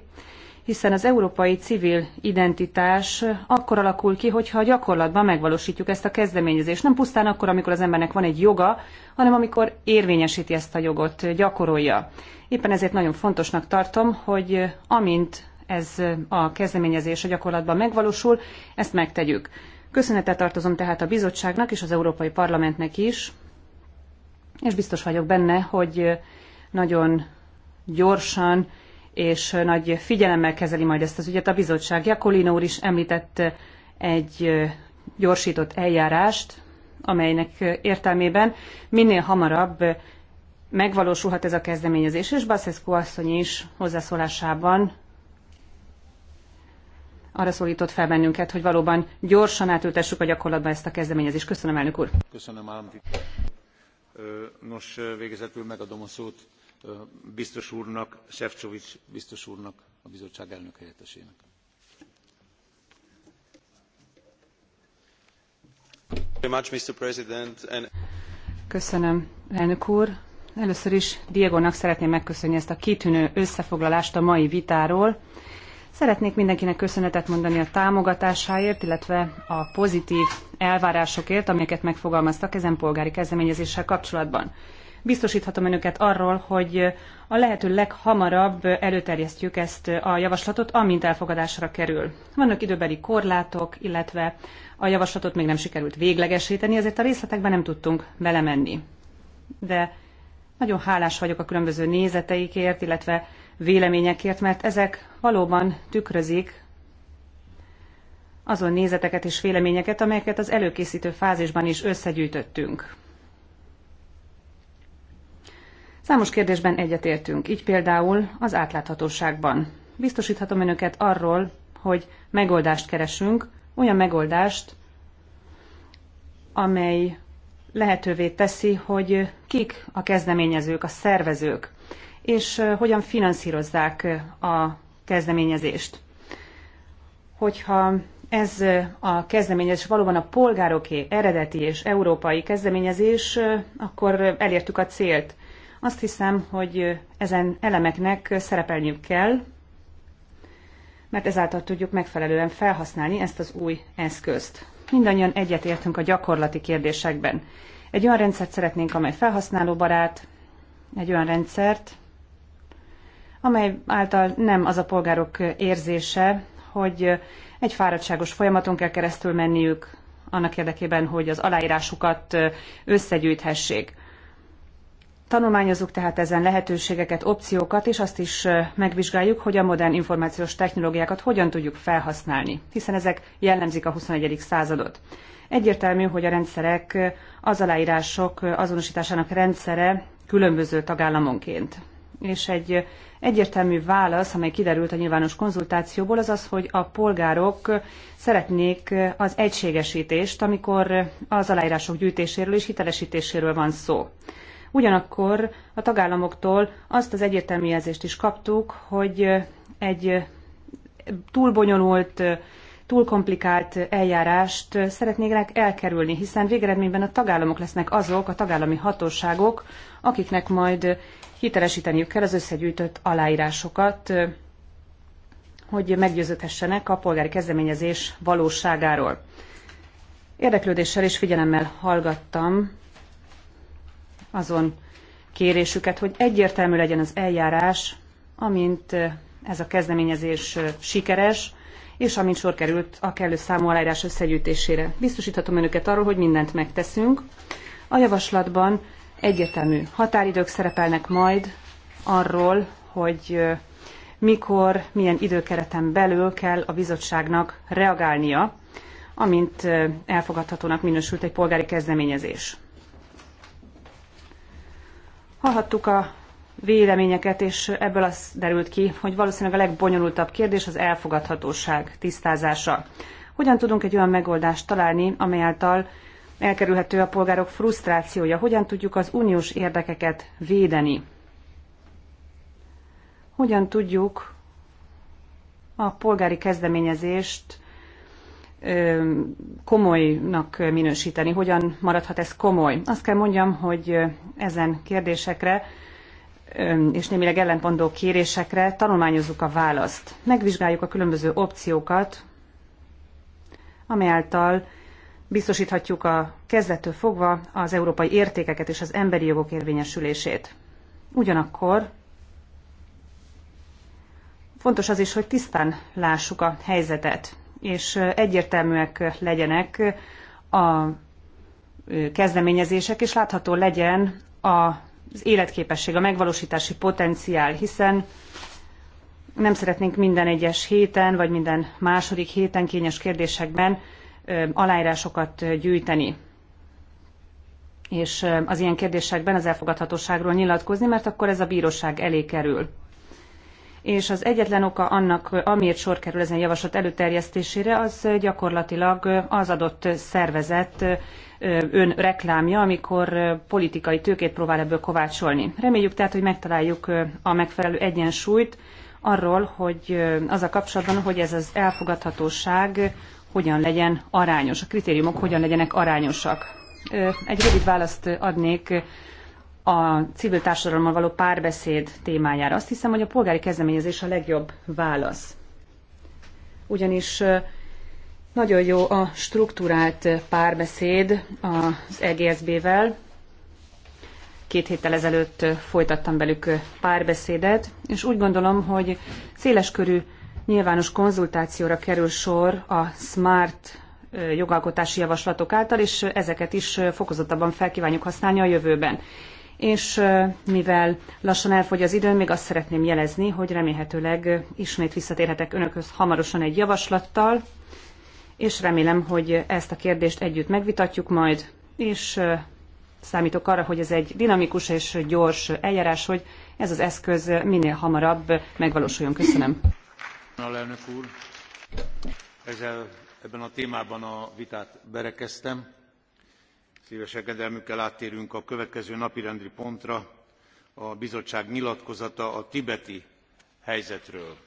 hiszen az európai civil identitás akkor alakul ki, hogyha a gyakorlatban megvalósítjuk ezt a kezdeményezést. Nem pusztán akkor, amikor az embernek van egy joga, hanem amikor érvényesíti ezt a jogot, gyakorolja. Éppen ezért nagyon fontosnak tartom, hogy amint ez a kezdeményezés a gyakorlatban megvalósul, ezt megtegyük. Köszönettel tartozom tehát a bizottságnak és az Európai Parlamentnek is, és biztos vagyok benne, hogy nagyon gyorsan és nagy figyelemmel kezeli majd ezt az ügyet a bizottság. Jakolino úr is említett egy gyorsított eljárást, amelynek értelmében minél hamarabb megvalósulhat ez a kezdeményezés, és Baszeszku asszony is hozzászólásában arra szólított fel bennünket, hogy valóban gyorsan átültessük a gyakorlatba ezt a kezdeményezést. Köszönöm, elnök úr! Köszönöm, államtitkár. Nos, végezetül megadom a szót biztos úrnak, Sefcovics biztos úrnak, a bizottság elnök helyettesének. Köszönöm, elnök úr. Először is Diegónak szeretném megköszönni ezt a kitűnő összefoglalást a mai vitáról. Szeretnék mindenkinek köszönetet mondani a támogatásáért, illetve a pozitív elvárásokért, amelyeket megfogalmaztak ezen polgári kezdeményezéssel kapcsolatban biztosíthatom önöket arról, hogy a lehető leghamarabb előterjesztjük ezt a javaslatot, amint elfogadásra kerül. Vannak időbeli korlátok, illetve a javaslatot még nem sikerült véglegesíteni, ezért a részletekben nem tudtunk belemenni. De nagyon hálás vagyok a különböző nézeteikért, illetve véleményekért, mert ezek valóban tükrözik azon nézeteket és véleményeket, amelyeket az előkészítő fázisban is összegyűjtöttünk. Számos kérdésben egyetértünk, így például az átláthatóságban. Biztosíthatom önöket arról, hogy megoldást keresünk, olyan megoldást, amely lehetővé teszi, hogy kik a kezdeményezők, a szervezők, és hogyan finanszírozzák a kezdeményezést. Hogyha ez a kezdeményezés valóban a polgároké, eredeti és európai kezdeményezés, akkor elértük a célt. Azt hiszem, hogy ezen elemeknek szerepelniük kell, mert ezáltal tudjuk megfelelően felhasználni ezt az új eszközt. Mindannyian egyetértünk a gyakorlati kérdésekben. Egy olyan rendszert szeretnénk, amely felhasználóbarát, egy olyan rendszert, amely által nem az a polgárok érzése, hogy egy fáradtságos folyamaton kell keresztül menniük annak érdekében, hogy az aláírásukat összegyűjthessék. Tanulmányozunk tehát ezen lehetőségeket, opciókat, és azt is megvizsgáljuk, hogy a modern információs technológiákat hogyan tudjuk felhasználni, hiszen ezek jellemzik a 21. századot. Egyértelmű, hogy a rendszerek, az aláírások azonosításának rendszere különböző tagállamonként. És egy egyértelmű válasz, amely kiderült a nyilvános konzultációból, az az, hogy a polgárok szeretnék az egységesítést, amikor az aláírások gyűjtéséről és hitelesítéséről van szó. Ugyanakkor a tagállamoktól azt az egyértelmű jelzést is kaptuk, hogy egy túl bonyolult, túl komplikált eljárást szeretnének elkerülni, hiszen végeredményben a tagállamok lesznek azok, a tagállami hatóságok, akiknek majd hitelesíteniük kell az összegyűjtött aláírásokat, hogy meggyőződhessenek a polgári kezdeményezés valóságáról. Érdeklődéssel és figyelemmel hallgattam azon kérésüket, hogy egyértelmű legyen az eljárás, amint ez a kezdeményezés sikeres, és amint sor került a kellő számú aláírás összegyűjtésére. Biztosíthatom önöket arról, hogy mindent megteszünk. A javaslatban egyértelmű határidők szerepelnek majd arról, hogy mikor, milyen időkereten belül kell a bizottságnak reagálnia, amint elfogadhatónak minősült egy polgári kezdeményezés. Hallhattuk a véleményeket, és ebből az derült ki, hogy valószínűleg a legbonyolultabb kérdés az elfogadhatóság tisztázása. Hogyan tudunk egy olyan megoldást találni, amely által elkerülhető a polgárok frusztrációja? Hogyan tudjuk az uniós érdekeket védeni? Hogyan tudjuk a polgári kezdeményezést komolynak minősíteni. Hogyan maradhat ez komoly? Azt kell mondjam, hogy ezen kérdésekre és némileg ellentmondó kérésekre tanulmányozzuk a választ. Megvizsgáljuk a különböző opciókat, amely által biztosíthatjuk a kezdettől fogva az európai értékeket és az emberi jogok érvényesülését. Ugyanakkor fontos az is, hogy tisztán lássuk a helyzetet és egyértelműek legyenek a kezdeményezések, és látható legyen az életképesség, a megvalósítási potenciál, hiszen nem szeretnénk minden egyes héten, vagy minden második héten kényes kérdésekben aláírásokat gyűjteni és az ilyen kérdésekben az elfogadhatóságról nyilatkozni, mert akkor ez a bíróság elé kerül és az egyetlen oka annak, amiért sor kerül ezen javaslat előterjesztésére, az gyakorlatilag az adott szervezet ön reklámja, amikor politikai tőkét próbál ebből kovácsolni. Reméljük tehát, hogy megtaláljuk a megfelelő egyensúlyt arról, hogy az a kapcsolatban, hogy ez az elfogadhatóság hogyan legyen arányos, a kritériumok hogyan legyenek arányosak. Egy rövid választ adnék a civil társadalommal való párbeszéd témájára. Azt hiszem, hogy a polgári kezdeményezés a legjobb válasz. Ugyanis nagyon jó a struktúrált párbeszéd az EGSB-vel. Két héttel ezelőtt folytattam velük párbeszédet, és úgy gondolom, hogy széleskörű nyilvános konzultációra kerül sor a smart jogalkotási javaslatok által, és ezeket is fokozottabban felkívánjuk használni a jövőben és mivel lassan elfogy az időm, még azt szeretném jelezni, hogy remélhetőleg ismét visszatérhetek önökhöz hamarosan egy javaslattal, és remélem, hogy ezt a kérdést együtt megvitatjuk majd, és számítok arra, hogy ez egy dinamikus és gyors eljárás, hogy ez az eszköz minél hamarabb megvalósuljon. Köszönöm. Alelnök úr, ezzel ebben a témában a vitát berekeztem szves engedelmükkel áttérünk a következő napirendi pontra a bizottság nyilatkozata a tibeti helyzetről.